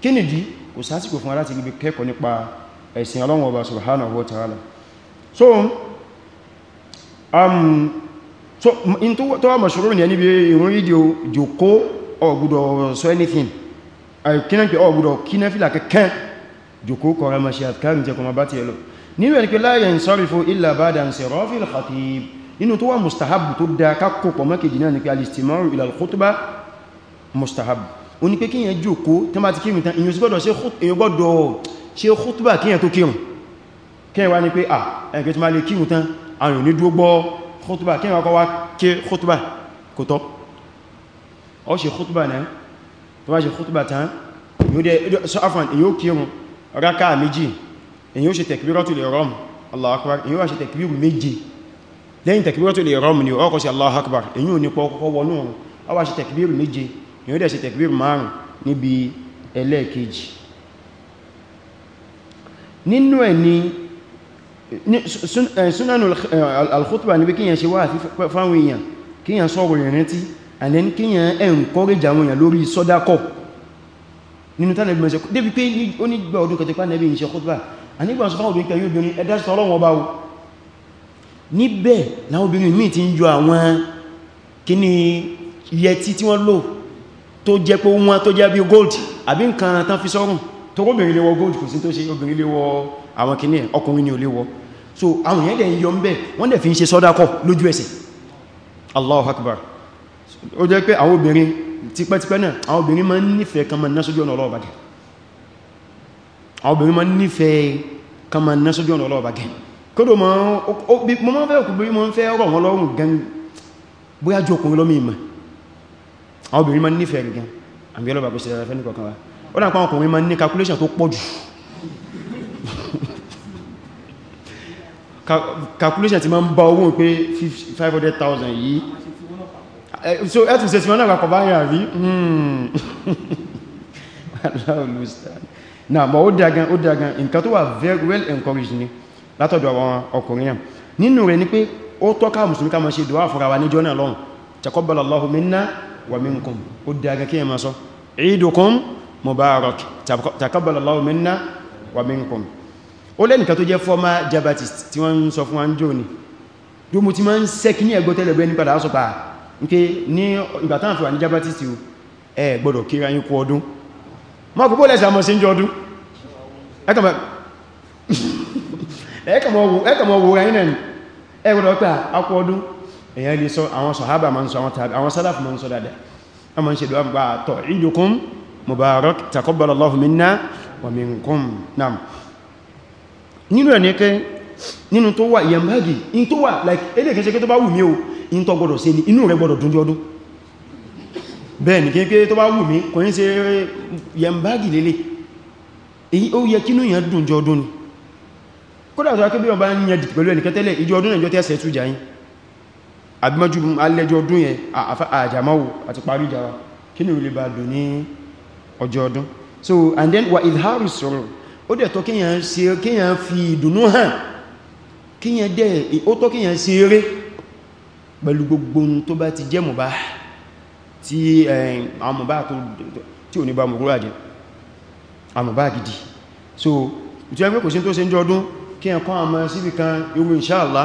kí nìdí kò sásìkò fún aláti ibi kẹ́kọ̀ọ́ nípa ẹ̀sìn Ọlọ́run Ọba subhanahu wa so um so in to to mashuru ni níbi ìrun video joko ò gbọ́dọ̀ so anything i kinan pe ò gbọ́dọ̀ kinan fila keke joko ko ra ma ṣe adkan je ko ma bati elo nínú ẹni pé la yansarifu illa ba'da insirafi al-khatib nínú tó mustahab tó da kakko pọ̀ ni pé al al-khutba mustahab o ní pé kíyàn jòkó tí ma ti kírun tán èyàn sí gbọ́dọ̀ ṣe khutbah kíyàn tó kírun kíyàn wá ní pé ah ẹ̀kẹ́ tí ma lè kírun tán àrùn ní dúó gbọ́ khutbah kíyàn wá kọ́ wá ké khutbah kò tọ́ ọ ṣe khutbah náà tó bá ṣe khutbah tán èyàn kírun rákà méjì èyàn ṣe takbiratul ihram Allahu akbar èyàn ṣe takbir méjì lẹ́yìn takbiratul ihram ni ọkọ̀ sí Allahu akbar èyàn ò yóò dẹ̀ ṣe tẹ̀kbír márùn níbi ẹlẹ́ẹ̀kejì nínú ẹ̀ ni súnánù alkhutba níbi kíyàn ṣe wá fáwọn èèyàn kíyàn sọ̀rọ̀ ìrántí and then kíyàn encourage àwọn èèyàn lórí sọ́dákọ̀ nínú tánàbí mẹ́sẹ̀ débi pé ó ní gbà ọdún kẹtẹpá nẹ́bí ìṣẹ́ khutba a nígbà sọ fáwọn obìnrin yóò bìnrin ẹ̀dá sọ ọlọ́wọ́ bá o níbẹ̀ tó jẹ́ pé wọ́n tó jẹ́ bí gold àbí nǹkan tán fi sọ́rùn tó obìnrin lè wọ gold kò sí tó ṣe obìnrin lè wọ àwọn kìíní ẹ̀ ọkùnrin ni ò lè wọ so àwọn èèyàn dẹ̀ ń yọ ń bẹ̀ wọ́n dẹ̀ fi ń ṣe sọ́dákọ̀ lójú ẹsẹ̀ Allahu bóyá jù ọkùnrin lọ́mí ìmọ̀ àwọn obìnrin ma nífẹ̀ẹ́ gẹ̀gẹ̀ àmì ọlọ́bà kò sí ẹ̀rẹ́fẹ́ ní kọ̀kan wa ó dà pàwọn ọkùnrin ma ní calculation tó pọ̀ jù calculation ti ma ń bá owó pé 500,000 yìí so ẹ́ tún ṣe ti ma náà kọ̀bá yà rí náà bọ̀ ó dágan ó dágan nǹkan tó wà very well encouraged ni látọ̀dọ̀ àwọn ọkùnrin náà nínú rẹ̀ ni pé ó tọ́ka mùsùlùmí ká ma ṣe dùwà fúnra wa níjọ́ náà lọ́hùn taqabbalallahu minna wa minkum ó dága kí ẹmà sọ idukum mubarak takabbalallahu minna wa minkum ó lẹ́nìkan tó jẹ́ former jabatist tí wọ́n ń sọ fún wọn jò ní tó mú ti máa ń sẹ́kí ní ẹgbọ́ tẹ́lẹ̀gbẹ́ ní padà sọpá nke ní ìgbàtán fún wa ní jabatist ẹ gbọ́dọ̀ kíra yín kú ọdún mọ́ púpọ̀ lẹ́sẹ̀ àmọ́ sí ń jọ ọdún ẹkàmọ̀ [laughs] wòrán yínà ẹgbọ́dọ̀ pẹ́ akú ọdún èyàn lè sọ àwọn sọ̀hábà ma ń sọ àwọn tàbí àwọn sálàfù ma ń sọ dáadáa a ma ń ṣe dọ́ bá tọ̀ ìdùkún mubarak takọ́bàlọ́lọ́hù minna wa minkum nam nínú ẹ̀ ní wà like elékẹ́ṣẹ́ kí tó bá wù mí o in tó gbọdọ̀ sí inú rẹ gbọdọ̀ dún ọdún bẹ́ẹ̀ ni kéèké tó bá wù mí kò ní ṣe yambagi lélẹ̀ èyí ó yẹ kínú yẹn dùn jọ ọdún ni ń yẹn pẹ̀lú àbímọ́jú alẹ́jọ́ ọdún yẹn àjàmáwò àti parí ìjàwà kí ni olè bá dùn ní ọjọ́ ọdún so and then wa ìdháàrù sọ̀rọ̀ ó dẹ̀ tọ́ kíyàn ṣe kíyàn fi ìdùnnú hàn kíyàn dẹ̀ ó tọ́ kíyàn ṣe eré pẹ̀lú gbogbo tó bá ti jẹ́ mọ̀bá tí àwọn mọ̀bá tí ò ní bá mọ̀rú àjẹ́ àwọn mọ̀bá gidi so ìtí ẹgbẹ́ kò sí tó ṣe ń jọ ọdún kíyàn kọ́ àmọ́ síbìkan irú inṣáàlá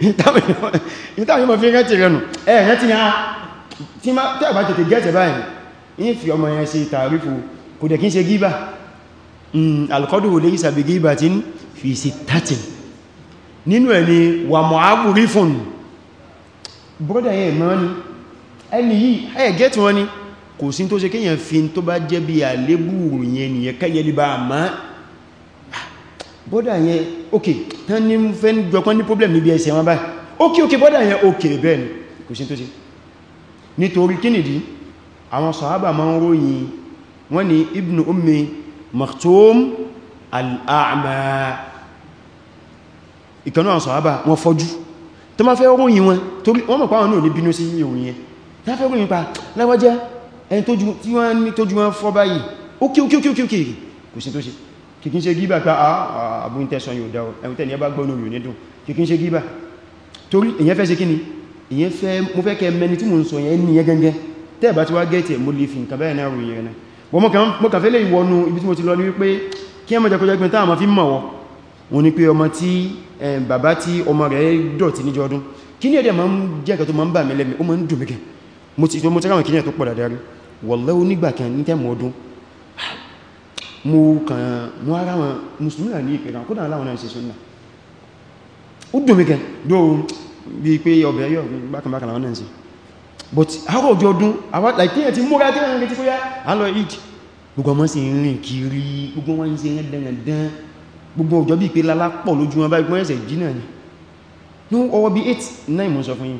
ìtàwọn yóò fi rántí rẹ̀ nù ẹ̀ rántí ní a tí a bá tètè gẹ́ẹ̀tẹ̀ báyìí ní fi ọmọ yẹn ṣe tààrífò kò dẹ̀ kí ń ṣe gíbà alkọ́dù lè ìsàbí gíbà tí ń fi sí tàtì nínú ẹ̀ ni wà mọ̀hábù rí fún ni ẹni yìí ẹ̀ gẹ́ẹ̀tì wọn ni kò sí tó ṣe kéyàn fi tó bá jẹ́ bí àlébù yẹn ok tán ní fẹ́ ń jọpán ní problem níbi ẹsẹ̀ wọn báyìí ok ok bọ́dà yẹn ok bẹ́ẹ̀ ni kò sí tó sí nítorí kí nìdí àwọn sàhábà máa ń ròyìn wọ́n ni ibn ummi maktoum al'a'ma ìkanú àwọn sàhábà wọ́n fọ́jú tó máa fẹ́ ròyìn wọn torí wọ́n mọ̀ pàwọn náà ní bínú sí ìròyìn yẹn tó máa wọ́n ní kìkín ṣe gíbà pé ah, ah, àbú intention yóò dáwọ ẹ̀wọ̀n tẹ́lẹ̀ bá gbọ́nà yóò nídùn kìkín ṣe gíbà torí èyàn fẹ́ ṣe kíni èyàn fẹ́ mú fẹ́ kẹ mẹni tí mo ń sọ yẹn ní yẹn gẹ́gẹ́ tẹ́ẹ̀bá tí wá gẹ́ẹ̀tì ẹ̀ mú lè fi nǹkan ti lọ ní ni pé ọmọ tí bàbá tí ọmọ rẹ̀ dọ̀tí níjọ ọdún kí ní ẹ̀dẹ̀ ma ń jẹ́ ẹ̀kẹ́ tó ma mo kàn mú ara wọn musulmi náà ní ìpẹ̀rẹ̀ àkódà aláwọn náà ṣe súnnà ó dùn mí gan dóò bí i pé ọbẹ̀ yọ bákanbákan àwọn náà ṣe but àárọ̀ ọjọ́ ọdún àwọn àìkíyàn ti múra tí wọ́n retí fóyá àlọ́ id gbogbo ọmọ sí rìn kiri gbogbo wọn sí rìn dandan gbogbo ọjọ́ bí i pé lálá pọ̀ lójú wọn báyìí pọ́nrẹ́sẹ̀ jí náà ni ní ọwọ́ bí 8 9 mo sọ fún yín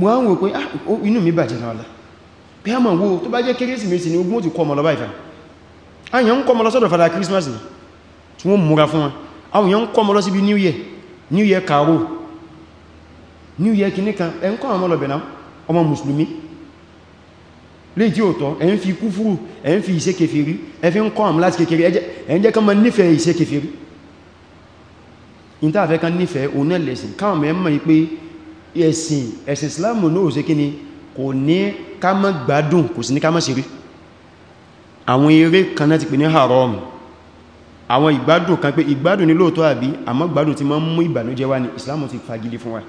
mo á ń wò pé ah, inú mi bàjẹ́ náà lá pé a mọ̀ wo tó bá jẹ́ kérésìmesì ni ogún ó ti kọ́ ọmọ lọ báyìí àwọn èèyàn ń kọ́ mọ́ lọ́sọ́dọ̀ fàdà Christmas ni tí wọ́n múra fún wọn àwọn èèyàn ń kọ́ mọ́ lọ síbi New Year New Year karo New Year kìíní kan ẹ̀ ń kọ́ àwọn ọlọ́bẹ̀ náà ọmọ mùsùlùmí lè tí ó tọ́ ẹ̀ ń fi kúfúrú ẹ̀ ń fi ìṣe kèfèrí ẹ̀ fi ń kọ́ àwọn láti kékeré ẹ̀ ń jẹ́ kán mọ́ nífẹ̀ẹ́ ìṣe kèfèrí ìta àfẹ́ kan nífẹ̀ẹ́ òun náà lẹ̀sìn káwọn mẹ́mọ̀ yí pé ẹ̀sìn ẹ̀sìn Islam náà ò sí kí ni kò ní ká má gbádùn kò sí ní ká má ṣe àwọn eré kan náà ti pè ní haram àwọn ìgbádùn kan pé ìgbádùn ní lóòtọ́ àbí àmọ́ ìgbádùn ti máa mú ìbànújẹ́ wá ní Islam ti fagilé fún wa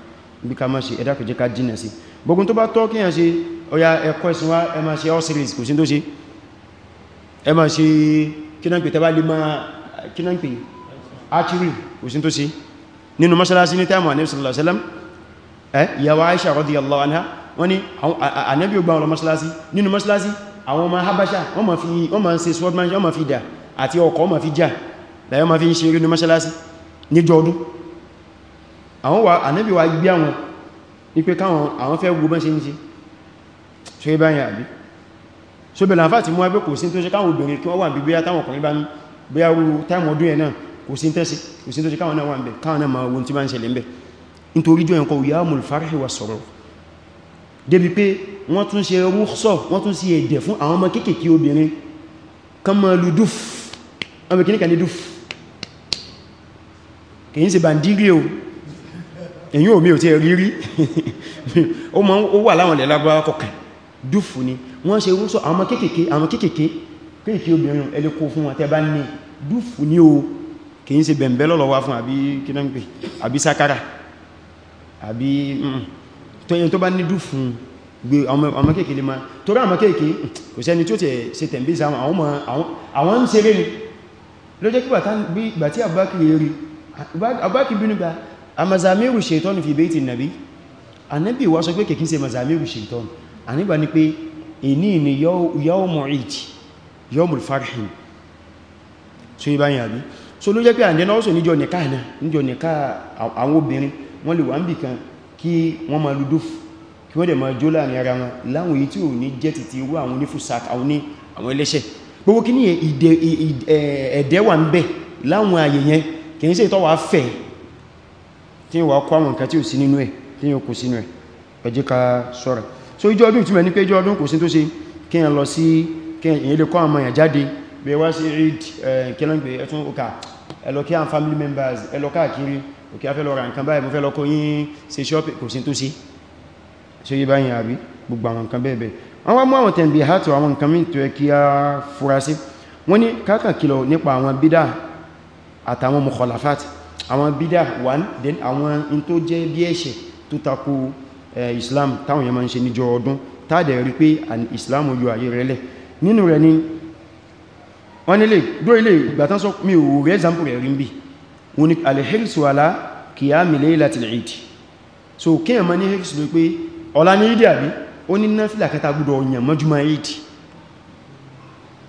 bí ká má ṣe ẹ̀dá kò jẹ́ ká jìnà sí gbogbo tó bá tọ́ kí yàn ṣe ọya ẹ̀kọ́ ẹ̀sìn wá ẹ máa ṣe all series kò sí tó ṣe ẹ máa ṣe kínàpè tẹ́bá lè máa kínàpè archery kò sí tó ṣe nínú mọ́ṣálásí àwọn ọmọ habasha wọ́n ma fi wọ́n ma ṣe swordman wọ́n ma fi dà àti ọkọ̀ wọ́n ma fi já láyọ́ ma fi ń ṣe eré ní mọ́ṣálásí níjọ ọdún àwọn wà ànábì wa gbé àwọn wípé káwọn àwọn fẹ́ gbogbo ṣe ń ṣe ṣe é báyìí àbí so bẹ̀rẹ̀ àfáà ti mú ẹgbẹ́ kò sí tó ṣe káwọn obìnrin kí wọ́n wà bíbí táwọn ọkùnrin bá ń bóyá rú táìmù ọdún wọ́n tún ṣe rúksọ̀ wọ́n tún sí èdè fún àwọn ọmọ kéèkèé obìnrin kan mọ́ lu dúf ọmọ kìníkà ní dúf kìí ṣe bandiri o èyí omi ò tí ẹ rírí [laughs] ó mọ́ ó wà láwọn ilẹ̀ lágbára kọkàn dúf ni wọ́n ṣe rúksọ̀ àwọn ọmọ kéèkèé àwọn kéèkèé kéèkèé obìnrin ẹ lè kó fún wọn tẹ́ bá ní dúf ni o kìí ṣe bẹ̀m̀bẹ́ lọ́lọ́ wá fún àbí kínáǹpẹ̀ àbí sákárà àbí tọ́yẹn tó bá ní dúf fún gbé ọmọ kéèkèé lè máa torí àmọ́ kéèkèé kò sẹ́ni tí ó tẹ̀ ṣe tẹ̀m̀bí sáwọn àwọn ń ṣeré ni ló jẹ́ kígbà tí àbúbákìrí rí àbúbákìrí bínú gba a mazamiru ṣètọ́nù fi bẹ́ ti nàbí anábì wá sọ pé kèkí ṣe mazamiru ṣètọ́nù anígbà ni pé èní ni yawmu eid yawmul farhin so ibá yà bí so wọ́n lè wà ń bì kí wọ́n máa lu kí wọ́n dẹ̀ máa jó láàrin ara wọn láwọn èyí tí ò ní jẹ́ títí irú àwọn onífúsàk àwọn ní àwọn ẹlẹ́ṣẹ̀ gbogbo kí ní ẹ̀dẹ́ wà ń bẹ̀ láwọn àyè yẹn kì í ṣe ìtọ́wà fẹ̀ tí wà kọ́ àwọn nǹkan tí ò sí nínú ẹ̀ tí yóò kò sínú ẹ̀ ẹ jẹ́ ká so ìjọ ọdún ìtumẹ̀ ní pé ìjọ ọdún kò sí tó ṣe kí n lọ sí kí n lè kọ́ àwọn èèyàn family members ẹlọ́kà kiri òkè afẹ́lọ́ra nǹkan báyìí mo fẹ́ lọ́kọ́ yín ṣe yí báyìí àbí gbogbo àwọn nǹkan bẹ́ẹ̀ bẹ́ẹ̀ wọ́n wá mú àwọn tẹ̀m̀bì hàtò àwọn nǹkan mí tó ẹ kí a fura sí wọ́n ní kákàn nípa àwọn bídà àtàwọn mukhalafat àwọn bídà wà then àwọn in tó jẹ́ bí ẹ̀ṣẹ̀ tó tako eh, Islam táwọn yẹn máa ń ṣe níjọ ọdún Islam yọ ayé rẹ̀lẹ̀ nínú rẹ̀ ni wọ́n nílé dúró ilé ìgbàtán sọ mi ò rí so kíyàn ma ní hirsu ló pé ọ̀la ní ìdí àbí ó ní náfílà kẹta gbọ́dọ̀ ọ̀yàn mọ́júmọ́ ìdí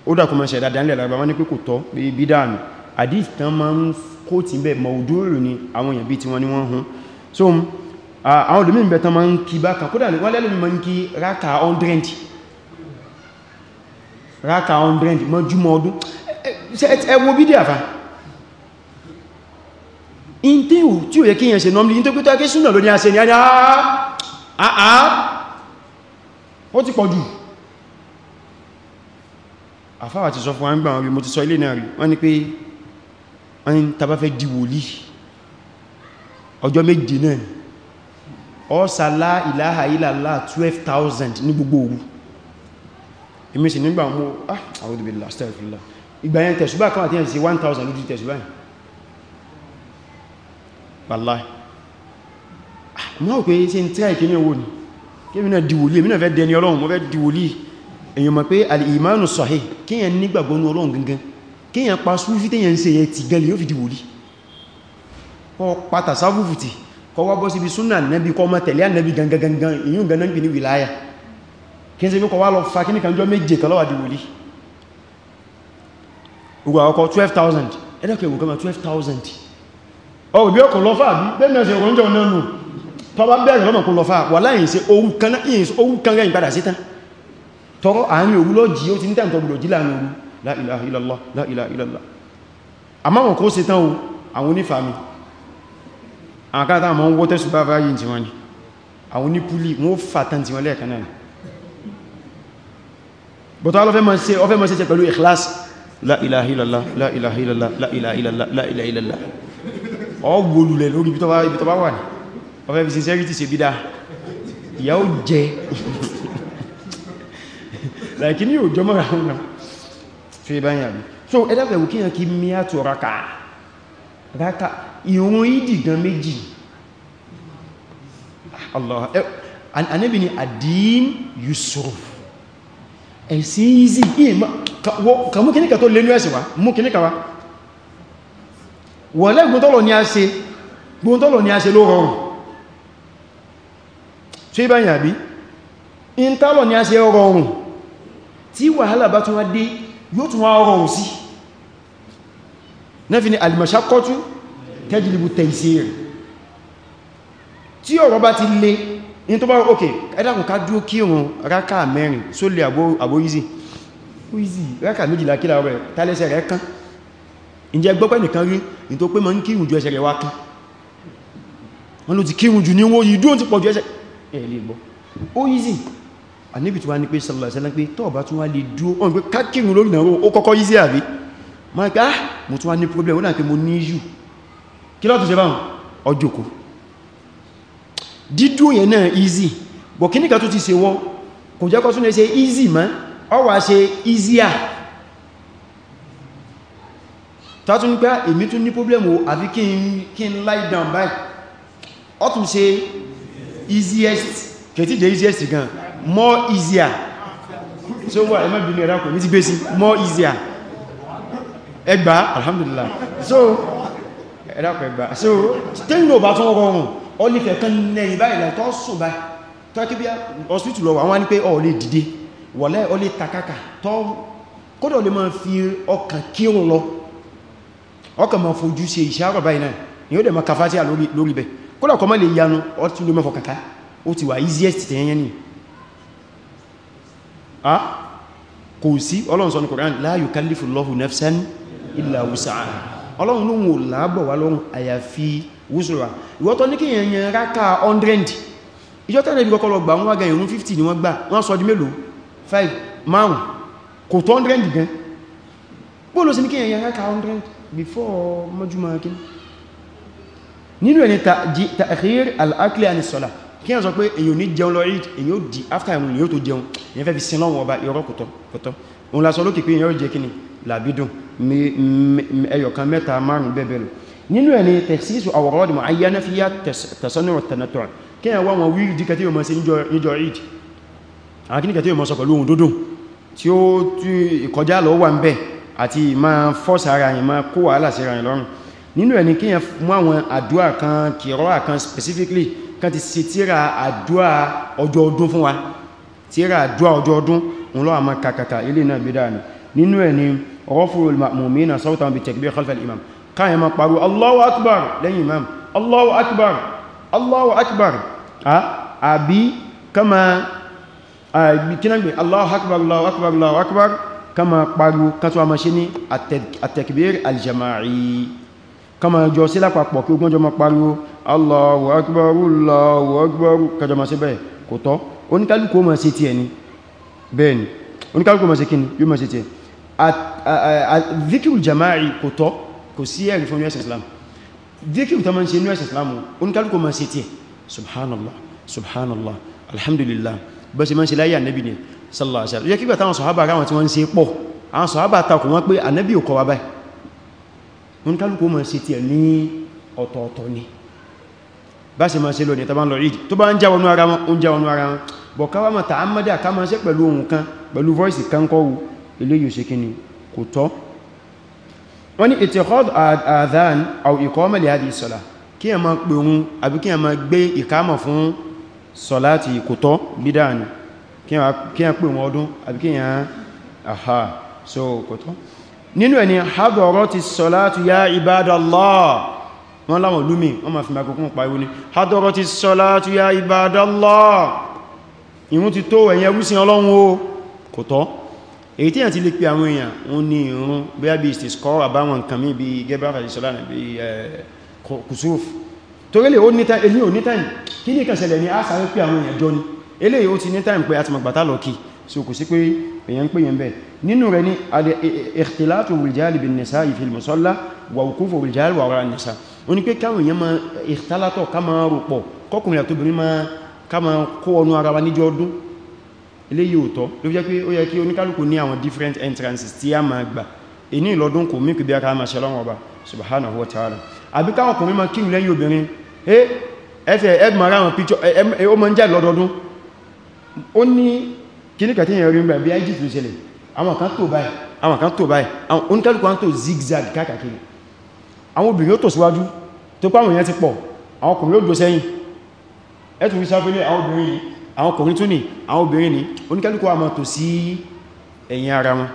ó dàkùn mọ́ ṣẹ̀dá dánilẹ̀ lára wọn ní pé kò tọ́ pé bí dáàmì àdíf tán ma ń kó tí bẹ́ mọ̀ọ̀dọ́rù ni àwọn èèyàn bí tí wọ́n ní wọ́n hun so àwọn olùmí ìbẹ̀ tán ma ń kí bá kan kódà wọ́n lẹ́lùmí ma ń kí ráka 100 ráka 100 mọ́júmọ́ ọdún ẹ wo bí díàfà in tí ò yẹ kí èèyàn ṣe normally in tó pé tó àá ah, ah. ó ti pọ̀jù àfáwà ti sọ fún àmì gbàmà rí mo ti sọ ilé náà rí wọ́n ní pé wọ́n ní tàbá fẹ́ di wòlí ọjọ́ méje náà ọ́sàlá ìlàhà ìlàlá 12,000 ní gbogbo òru èmi sì nígbà mú ah a'udhu billahi astaghfirullah ìgbà yẹn tẹ̀sùbá kan àti yẹn sí 1,000 lójú tẹ̀sùbá yẹn wallahi mọ́ pé ṣe ń tíra ìkíní owó ni kémi náà di wòlíì mínà fẹ́ dẹni ọlọ́run mọ́ fẹ́ di wòlíì èyàn mọ̀ pé alìmánù sahih kíyàn nígbàgbọ́ ní ọlọ́run gangan kíyàn pa súfí tẹ́yàn ń ṣe yẹ ti gan lè yóò fi di wòlíì kọ́ pata sáfúfù ti kọ́ wá bọ́ síbi súnà nẹ́bí kọ́ mọ́ tẹ̀lé ànẹ́bí gangan gangan èyàn gangan pè ní wìláyà kí n ṣe bí kọ́ wá lọ fa kíní kanjọ́ méje kan lọ́wà di wòlíì ogun àkọ́kọ́ 12,000 ẹ̀dẹ́kẹ̀ẹ́ ogun kama 12,000 ọ̀ bí ọkọ̀ lọ́fà bí bẹ́ẹ̀ mẹ́sẹ̀ ọ̀rọ̀ ń jẹun náà nù tọba bẹ̀rẹ̀ lọ́nà kún lọ fà wà láyìn sí ohun kan rẹ̀ ìpadà síta tọrọ àárín òru lọ jí ó ti ní tẹ́ntọ́ gbùdò jí láàrin òru la ilaha illallah la ilaha illallah àmáwọn kó síta o àwọn onífàmí àkáta àmọ́ wọ́n tẹ́sù bá fáyé tí wọ́n ni àwọn onípúlì wọ́n fàtàn tí wọ́n lẹ́ẹ̀kan náà bọ̀tọ́ ọfẹ́ mọ́ sí ṣe pẹ̀lú ikhlas la ilaha illallah la ilaha illallah la ilaha illallah la ilaha illallah ọ̀fẹ́ fi sincerity ṣe bídá ìyà ó jẹ láìkí ní òjò mọ́ra ọ̀nà tó ibá yàrí so ẹ̀dàfẹ̀wò kíyàn kí miyato raka raka ìrun ìdì gan méjì Allah anẹ́bì ni adin yusuf ẹ̀sìn easy kàmú kíníkà tó lé ní ẹ̀sìn wa mú wa wọ̀lẹ́gbùn tọ́lọ̀ ni a ṣe gbùn tọ́lọ̀ ni a ṣe ṣe báyìí àbí in tálọ̀ ni a ṣe ọrọ̀ ọrùn tí wàhálà bá tún wá dé yóò tún wá ọrọ̀ ọrùn sí nẹ́fì ni alìmọ̀ṣákọ́tú tẹ́jìlìbù tẹ̀síìrì tí ọ̀rọ̀ bá ti le in tó bá rọ̀ òkè ẹ̀dàkùn ká dúó kí òun rákà mẹ́rin só lè àbóyízi wọ́n ló ti kírùn jù ní wó yìí dúó ti pọ̀ ju ẹsẹ̀ ẹ̀ lè gbọ́ ó easy àníbì tí wá ní pé sallallahu alaihi wasallam pé tó bá tún wá lè dúó ọ̀n pé kákìrù lórí náà ó kọ́kọ́ easy àbí ma ah, gbá mo tún wá ní problem ó náà pé mo ní yù kí lọ́tún ṣe báhùn ọjọ́kó dídú yẹn náà easy bọ̀ kí níkà tó ti ṣe wọ́n kò jẹ́ kó tún lè ṣe easy mọ́ ọ wà ṣe easier tátún pé ah, èmi problem o àfi kí n lie down báyìí ọ tún ṣe easiest kẹtí the easiest gan more easier so wà ẹmọ́ bí ní ẹ̀dá kò ní ti bẹ́sí more easier ẹgbà alhamdulillah so ẹ̀dá kò ẹgbà so tẹ́yìnlò bá tún ọkọ̀ ọ̀rùn ọ ní kẹ̀kan lẹ́yìn báyìí láì tọ́ sùn báyìí tọ́ kí bí hospital lọ wà wọ́n ní pé ọ lè dìde wọ̀lẹ́ ọ lè takaka tọ́ kódọ̀ lè máa fi ọkàn kírun lọ ọkàn máa fojú ṣe ìṣàrọ̀ báyìí náà ni ó dẹ̀ máa kafátíà kódà kọmọ lè yanu ọ ti ló mẹ́fọ kàkà ó ti wà easiest tẹ̀yẹn ni a kò sí ọlọ́run ní Qur'an la yukallifu Allahu nafsan illa wus'aha ọlọ́run ló ń wò láàbọ̀ wá lọ́run àyàfi wúsùra ìwọ́tọ́ ní kíyàn yẹn rákà 100 ìjọ tẹ́lẹ̀ ibi kọ́kọ́lọ gbà wọ́n wága ìrún 50 ni wọ́n gbà wọ́n sọ di mélòó 5 márùn kò tó 100 gan bóòlù sí yẹn rákà 100 before mọ́júmọ́ akíní nínú ẹni ta'khir al-akli an as-salah kí ẹ sọ pé èyàn ní jẹun lọ rí èyàn di after ìrùn yóò tó jẹun èyàn fẹ́ fi sin lọ́wọ́ ọba ìrọ́ kòtọ́ òun la sọ lókè pé èyàn jẹ kíni làbídùn ẹyọkan mẹ́ta márùn bẹ́bẹ̀ lọ nínú ẹni takhsis awrad mu'ayyana fiha tasannu' at-tanattu' kí ẹ wá wọn wí díkà tí yóò mọ́ nínú ẹni kíyàn mú àwọn àdúà kan kìrọ́à kan specifically kan ti ṣe tíra àdúà ọjọ́ ọdún fún wa tíra àdúà ọjọ́ ọdún ń lọ àmà kàkàkà ilé náà bí dáa nínú ẹni raf'ul ma'mumina sawtan bi takbir khalf al-imam káyàn ma paru Allahu akbar lẹ́yìn imam Allahu akbar Allahu akbar ah, àbí kama kínágbé Allahu akbar Allahu akbar Allahu akbar kama paru kátọ́ a kama jọ sí lápapọ̀ kí ogun jọ ma pariwo Allahu Akbar Allahu Akbar kẹjọ ma sí bẹ́ẹ̀ kò tọ́ oníkálùkù ma sí ti ẹni bẹ́ẹ̀ni oníkálùkù ma sí kí ni yóò ma sí ti ẹ zikiru jama'i kò tọ́ kò sí ẹ̀rí fún us islam zikiru ta ma ń ṣe us islam oníkálùkù ma sí ti ẹ subhanallah subhanallah alhamdulillah bọ́ sí ma ń ṣe láyé ànẹ́bì ni sallallahu alaihi wasallam yẹ kígbà táwọn sọ̀hábà ara wọn tí wọ́n ń ṣe pọ̀ àwọn sọ̀hábà takò wọ́n pé ànẹ́bì ò kọ́ wa ń kálùkù mọ̀ sí ti ẹ̀ ní ọ̀tọ̀ọ̀tọ̀ ni bá sì máa ṣe lónìí tàbá lọ ìdí tó bá ń jáwọnú ara wọn ń jáwọnú ara wọn bọ̀ káwà mọ̀ tàà mọ́dá ká máa ṣe pẹ̀lú ohun kan pẹ̀lú voice kan kọ́wù ilé yóò ṣe kí ni kò tọ́ wọ́n ni ìtẹ̀kọ́dù àdán àw ìkọ́mẹ̀lẹ̀ àdì ìsọ̀lá kí ẹ máa pè ohun àbí kí ẹ máa gbé ìkámọ̀ fún sọ̀lá ti kò tọ́ bídà ni kí ẹ pè wọn ọdún àbí kí ẹ aha so kò tọ́ nínú ẹni hadorati salatu ya ibadallah wọ́n láwọn olúmi wọ́n ma fi makokun pariwo ní hadorati salatu ya ibadallah ìrun ti tó ẹ̀yin ẹrúsìn ọlọ́run o kò tọ́ èyí tí yàn ti lè pe àwọn èèyàn wọ́n ní ìrun bẹ́yà bí istisqa àbáwọn nǹkan mí bí gẹ́bàrà ìṣọ́lá ni a sáré pé ni eléyìí ó ti ní tàìmì pé a ti mọ̀gbàtà lọ kí so kò sí pé èyàn pè yẹn bẹ́ nínú rẹ̀ ní al-ikhtilatu e, e, rijali bin nisa'i fil musalla wa wuqufu rijali wa wara nisa ó ní pé káwọn èyàn ma ikhtilatọ̀ ká ma rọ̀pọ̀ kọkùnrin àtóbìnrin ma ká ma kó ọnú ara wa níjọ ọdún ilé yóò tọ́ ló fi jẹ́ pé ó yẹ kí oníkálùkù ní àwọn different entrances tí a ma gbà èní ìlọ́dún kí ní kàtíyàn rí mẹ́rin bí i egypt ló ṣẹlẹ̀ àwọn kan tó báyìí àwọn kan wọn tó zigzag káàkiri àwọn obìnrin ó tò síwájú tó pàwọn èèyàn ti pọ̀ àwọn ọkùnrin ó dúró sẹ́yìn ẹ̀tù fi sáfẹ́lẹ̀ àwọn obìnrin ni àwọn ọkùnrin tún ni ni oníkálùkù wọn tó sí ẹ̀yìn ara wọn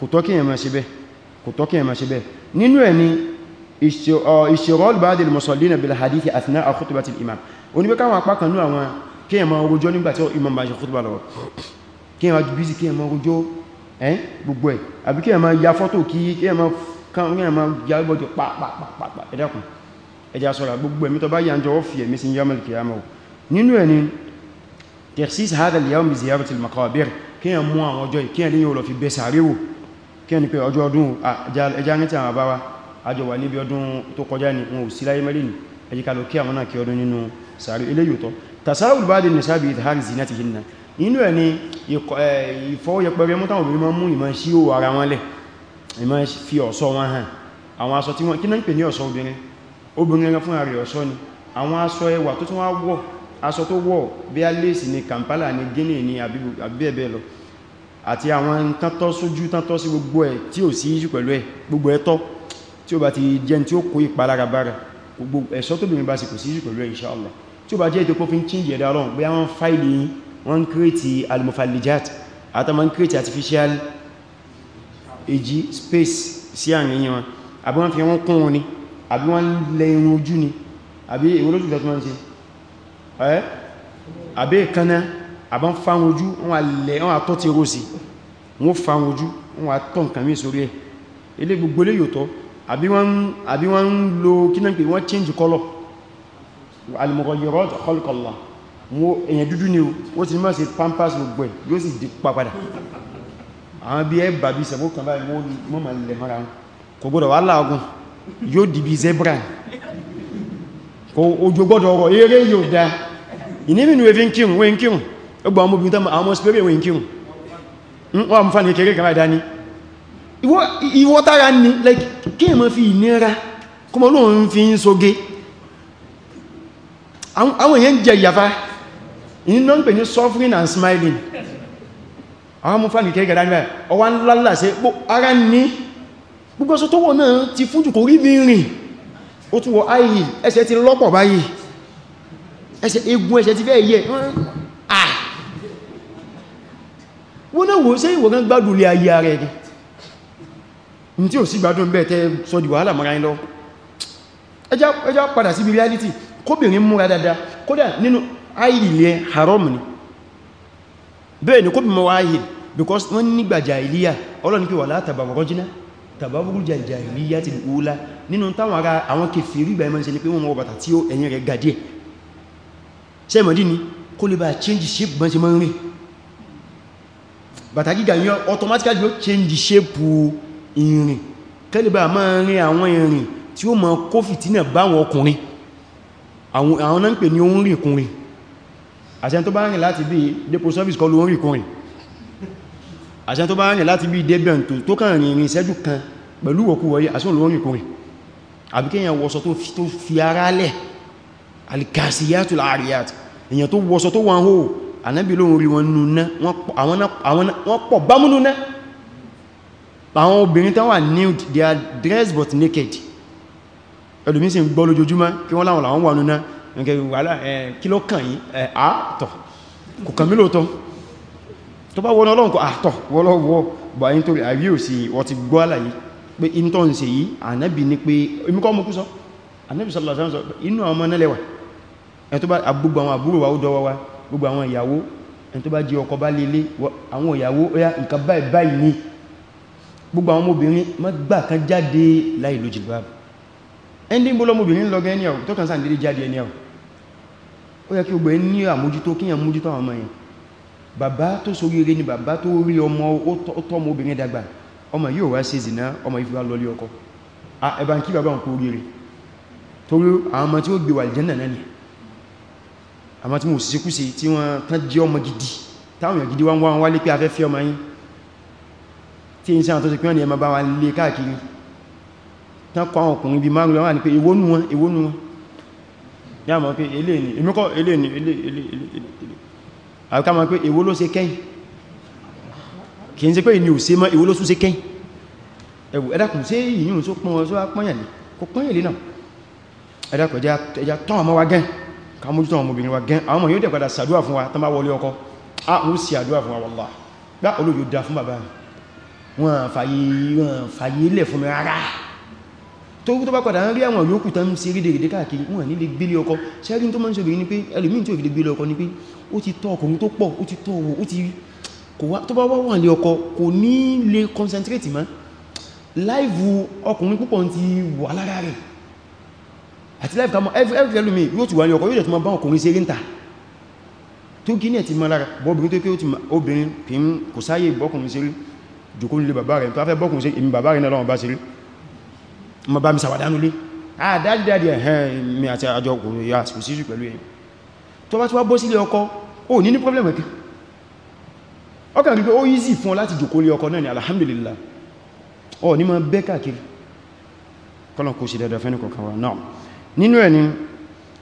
kò tọ́ kí èèyàn máa ṣe bẹ́ẹ̀ kò tọ́ kí èèyàn máa ṣe bẹ́ẹ̀ nínú ẹ̀ ni ìṣòrọ́lù bá dìl musallina bil imam oníbẹ́káwọn apá kan imam kí ẹmà bízi kí ẹmà rojó ẹ́n gbogbo ẹ̀ àbí kí ẹmà ya fọ́tò kí ẹmà ya gbọ́jọ pàpàpàpà ẹ̀dàkùn ẹjà sọ́ra gbogbo ẹ̀mí tó bá yànjọ ó fi ẹ̀mí sí yamal kiyama nínú ẹ̀ ni tẹ̀sís hadha al-yawm bi ziyarati al-maqabir kí ẹ mú àwọn ọjọ́ kí ẹ ní yóò lọ bá dì nìsáàbì ìtàhárì zinatihinna inú ẹ̀ ni ìfọwọ́yẹpẹrẹ mú táwọn obìnrin máa mú ìmọ̀ sí òwò ara wọn lẹ̀ ìmọ̀ fi ọ̀ṣọ́ wọn hàn àwọn aṣọ tí wọ́n kí náà ń pè ní ọ̀ṣọ́ obìnrin obìnrin fún ààrẹ ọ̀ṣọ́ ni àwọn aṣọ ẹwà tó tún wá wọ̀ aṣọ tó wọ̀ bí a lèsì ní Kampala ní Guinea ní àbíbẹ̀bẹ̀ lọ àti àwọn nǹkan tọ́ sójú tán tọ́ sí gbogbo ẹ̀ tí ò ti jẹ́ tí ó kó ìpalára bára gbogbo ẹ̀ṣọ́ tóbìnrin bá sì kò inshallah tí ó bá jẹ́ ìtẹ́kọ́ fi ń chíǹjì ẹ̀dá ọlọ́run wọ́n ń kírètì almufalijat àtàmà ń kírètì artificial èjì space sí àríyìn wọn àbí wọ́n fi wọ́n kún wọn ni àbí wọ́n lẹ irun ojú ni àbí ìwọ́lójú tó máa ń ṣe ẹ́ àbí ìkaná àbá fáwọn ojú wọ́n àtọ́ ti rò wọ́n fáwọn ojú wọ́n àtọ́ nǹkan mí sórí ẹ̀ ilé èyàn dúdú ni ó ti máa ṣe pampers gbogbo ẹ̀ yóò sì di papadà àwọn bí ẹbà bí ìsẹ̀mó kan báyìí wọ́n ma lè mara wọn kò gbọ́dọ̀ wà láàgùn yóò dìbí zebra kò ojú gbọ́dọ̀ ọ̀rọ̀ eré yóò dá ìnímìnú evi ń kírùn wé ń kírùn ọgbà ọmọ obìnrin tánmà àwọn spẹ́rẹ̀ wé ń kírùn wọ́n mú fàní kéré kan ráìdá ní ìwọ́ tára ní kí èmọ́ fi ìnira kọmọ lóòrùn fi ń soge àwọn èèyàn jẹ ìyàfá iná ń pè ní suffering and smiling àwọn mú fáàkì kẹ́gẹ̀dá ní ọwá ńlá sí ara ní gbogbo ọsọ tó wọ náà ti fúnjù kò rí bí rìn ó tún wọ ayì ẹsẹ̀ ti lọ́pọ̀ báyìí ẹsẹ̀ egun ẹsẹ̀ ti fẹ́ yẹ wọ́n náà wò ṣe ìwòrán gbádùn lé ayé ara ẹni ní tí ò sí gbádùn bẹ́ẹ̀ tẹ́ sọ di wàhálà mara lọ ẹjá padà sí reality kóbìnrin múra dáadáa kódà nínú ayìlẹ̀ haram ni bẹ́ẹ̀ ni kó bí mọ́ ayìl because wọ́n nígbà jahiliya ọlọ́ni pé wà látàbàmọ́rọ́jínà tàbábúrú jahiliya ti wúlá nínú táwọn ara àwọn kèfèrí ìgbà ẹmọ́ ìṣẹ́lẹ̀ pé wọ́n wọ bàtà tí ó ẹ̀yìn rẹ̀ gà díẹ̀ ṣe mọ̀dí ni kó lè bá change shape bọ́n ti mọ́ rìn bàtà gíga yọ automatically yóò change shape ìrìn kẹ́lẹ̀ bá mọ́ rìn àwọn ìrìn tí ó mọ́ kófìtínà báwọn ọkùnrin àwọn náà ń pè ní ohun rìn kùnrin àṣẹ tó bá rìn láti bí depo service kọlu orí kùnrin àṣẹ tó bá rìn láti bí débẹ̀n tó kàn rìn rìn ìṣẹ́jú kan pẹ̀lú òkú wọ̀yí àṣẹ olórin kùnrin àbí kí èyàn wọṣọ tó fi ara lẹ̀ alikasiyatul ariyat èyàn tó wọṣọ tó wọn hó ànábì lóhun rí wọn nuna wọ́n pọ̀ bámúnúná àwọn obìnrin tán wà nude they are but naked ẹlùmí sì ń gbọ́ lójoojúmọ́ kí wọ́n láwọn làwọn wà nuna nke wàhálà kí ló kàn yí àátọ̀ ah, kò kàn mí lóòtọ́ tó bá wọ́n ọlọ́nkọ̀ àátọ̀ ah, wọ́lọ́wọ́ bá yí torí àrí ò sí wọ́n ti gbọ́ àlàyé pé in tó ń ṣe yí ànábì ní pé imúkọ́ mú kú sọ ànábì sallallahu alaihi wasallam inú àwọn ọmọ nẹ́lẹ̀wà ẹni tó bá gbogbo àwọn àbúrò wa ó dọ́wọ́ wa gbogbo àwọn ìyàwó ẹni tó bá bó lọ́mọbìnrin lọ́gẹ́ ẹni ọ̀ tó kàn sáà nílé jáde ẹni ọ̀ ó yẹ kí gbogbo ẹ ní àmójútó kíyàn mójútó àwọn ọmọ yẹn bàbá tó ṣoríire ni bàbá tó rí ọmọ ó tọ́mọ obìnrin dàgbà ọmọ yóò wá ṣe zìná ọmọ ìfúra lọlé ọkọ ẹbá ń kí bàbá òkú oríire torí àwọn ọmọ tí ó gbé wà lìjẹ́nà náà ni àwọn tí mo sì kú sí tí wọ́n tán jẹ́ ọmọ gidi táwọn èèyàn gidi wọ́n wọ́n wá lé pé afẹ́ fẹ́ ọmọ yín tí ń sáà tó ti pín ọ̀nà ẹmọ bá wà lé káàkiri tán kọ àwọn ọkùnrin bí márùn-ún wà ní pé ìwónú wọn ìwónú wọn yá mọ̀ pé ilé ni èmi kọ́ ilé ni ilé ilé ilé àríká mọ̀ pé èwo ló ṣe kẹ́yìn kìí ṣe pé ìní ò ṣe mọ́ èwo ló tún ṣe kẹ́yìn ẹ̀wù ẹ̀dàkùn sí ìyìn tó pọ́n ọ̀ṣọ́ apọ́yàn ní kò pọ́yàn lè náà ẹ̀dàkùn ẹja tán ọmọ wa gẹ́n ká mójú tán ọmọbìnrin wa gẹ́n àwọn ọmọ yóò dẹ̀ padà sàdúwà fún wa tán bá wọlé ọkọ a ń sì àdúwà fún wa wọ́lá gbá olóòjò da fún bàbá mi wọ́n fàyè ilẹ̀ fún mi rárá tó tó bá padà rí àwọn yòókù tán sí rí dèrèdè káàkiri wọ́n ní lè gbélé ọkọ ṣẹ́rí tó máa ń ṣe obìnrin ni pé ẹlòmíì tí ò fi lè gbélé ọkọ ni pé ó ti tọ́ ọkùnrin tó pọ̀ ó ti tọ́ owó ó ti tó bá wà wà ọkọ kò ní lè concentrate mọ́ láìvù ọkùnrin púpọ̀ ti wà lára rẹ̀ àti láìvù kamọ́ every ẹlòmí yóò ti wà ní ọkọ yóò ti máa bá ọkùnrin ṣe ríńtà tó kí ní ẹ̀ ti máa lára bọ́bìnrin tó kí ó ti obìnrin kì í kò sáyé bọ́kùnrin ṣe rí jòkó ma bá mi sàwàdánú lé ah dájídájí ẹ̀hẹ́n mi àti àjọ òkùnrin ya kò síṣù pẹ̀lú ẹ̀yìn tó bá tí wá bọ́ sílé ọkọ ò ní ní problem ẹ̀kẹ́ ọkàn rí pé ó easy fún ọ láti jòkó lé ọkọ náà ni alhamdulillah ọ ní ma bẹ́ káàkiri kọ́lọ̀n kò sí dada fẹ́ nìkọ̀kan wa náà nínú ẹni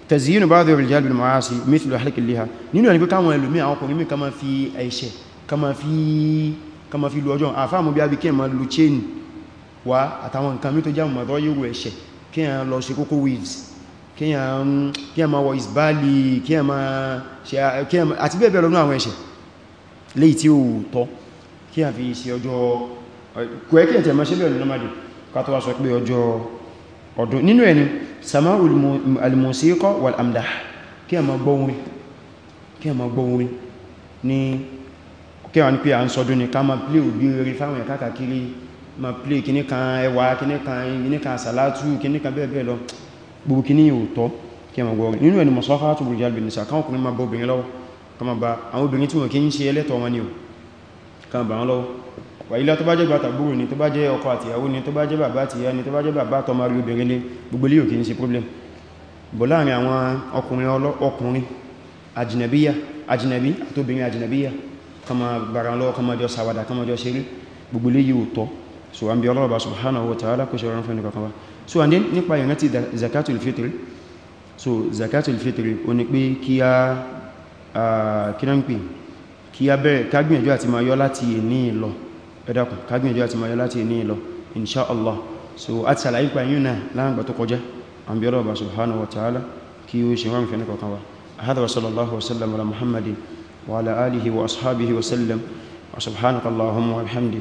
tazyinu ba'd ar-rijal bil ma'asi mithlu halqi liha nínú ẹni pé káwọn ẹlòmí àwọn ọkùnrin mi ká ma fi ẹ̀ṣẹ̀ ká ma fi lu ọjọ́ àfáàmù bí a bí kí ẹ ma lu chain wá àtàwọn nǹkan mí tó jẹ́ mọ̀rọ̀ yóò ẹ̀ṣẹ̀ kí a lọ ṣe kókó weeds kí a ma wọ ìsbáàlì kí a ma ṣe àti bẹ́ẹ̀ bẹ́ẹ̀ lọ́nà àwọn ẹ̀ṣẹ̀ léyìí tí ó tọ́ kí a fi ṣe ọjọ́ kòẹ́kì ẹ̀tẹ̀ ma ṣe bẹ̀rẹ̀ lọ́màdì kátó wá sọ pé ọjọ́ ọdún ni ká ma plé òbí rere fáwọn ẹ̀kákàkiri ma play kíní kan ẹwà kíní kan kíní kan sàlátù kíní kan bẹ́ẹ̀ bẹ́ẹ̀ lọ gbogbo kíní yóò tọ́ kí a ma gbọ́ nínú ẹni mọ̀sọ́fà tó burúkú albin nìsà káwọn kùnrin ma bọ́ obìnrin lọ́wọ́ kama ba àwọn obìnrin tí wọ́n kí ń ṣe ẹlẹ́tọ̀ wọn ni o kama ba wọn lọ́wọ́ wà ilá tó bá jẹ́ bàtà gbúrò ni tó bá jẹ́ ọkọ àti ìyàwó ni tó bá jẹ́ bàbá àti ìyá ni tó bá jẹ́ bàbá àtọmọ rí obìnrin lé gbogbo ilé òkè ń ṣe problem bọ̀ láàrin àwọn ọkùnrin ọkùnrin àjìnàbíyà àjìnàbí àtobìnrin àjìnàbíyà kama bara lọ́wọ́ kama jọ sàwàdà kama jọ ṣeré gbogbo ilé yìí ò tọ́ so an bi ọlọ́rọ̀ ba subhanahu wa ta'ala kó ṣe rán fún so nípa zakatul fitri so zakatul fitri ó ní pé kí a kí náà ń kí a gbìyànjú àti máa yọ láti ní ìlọ ẹ ti sàlàyé náà tó kọjá an bi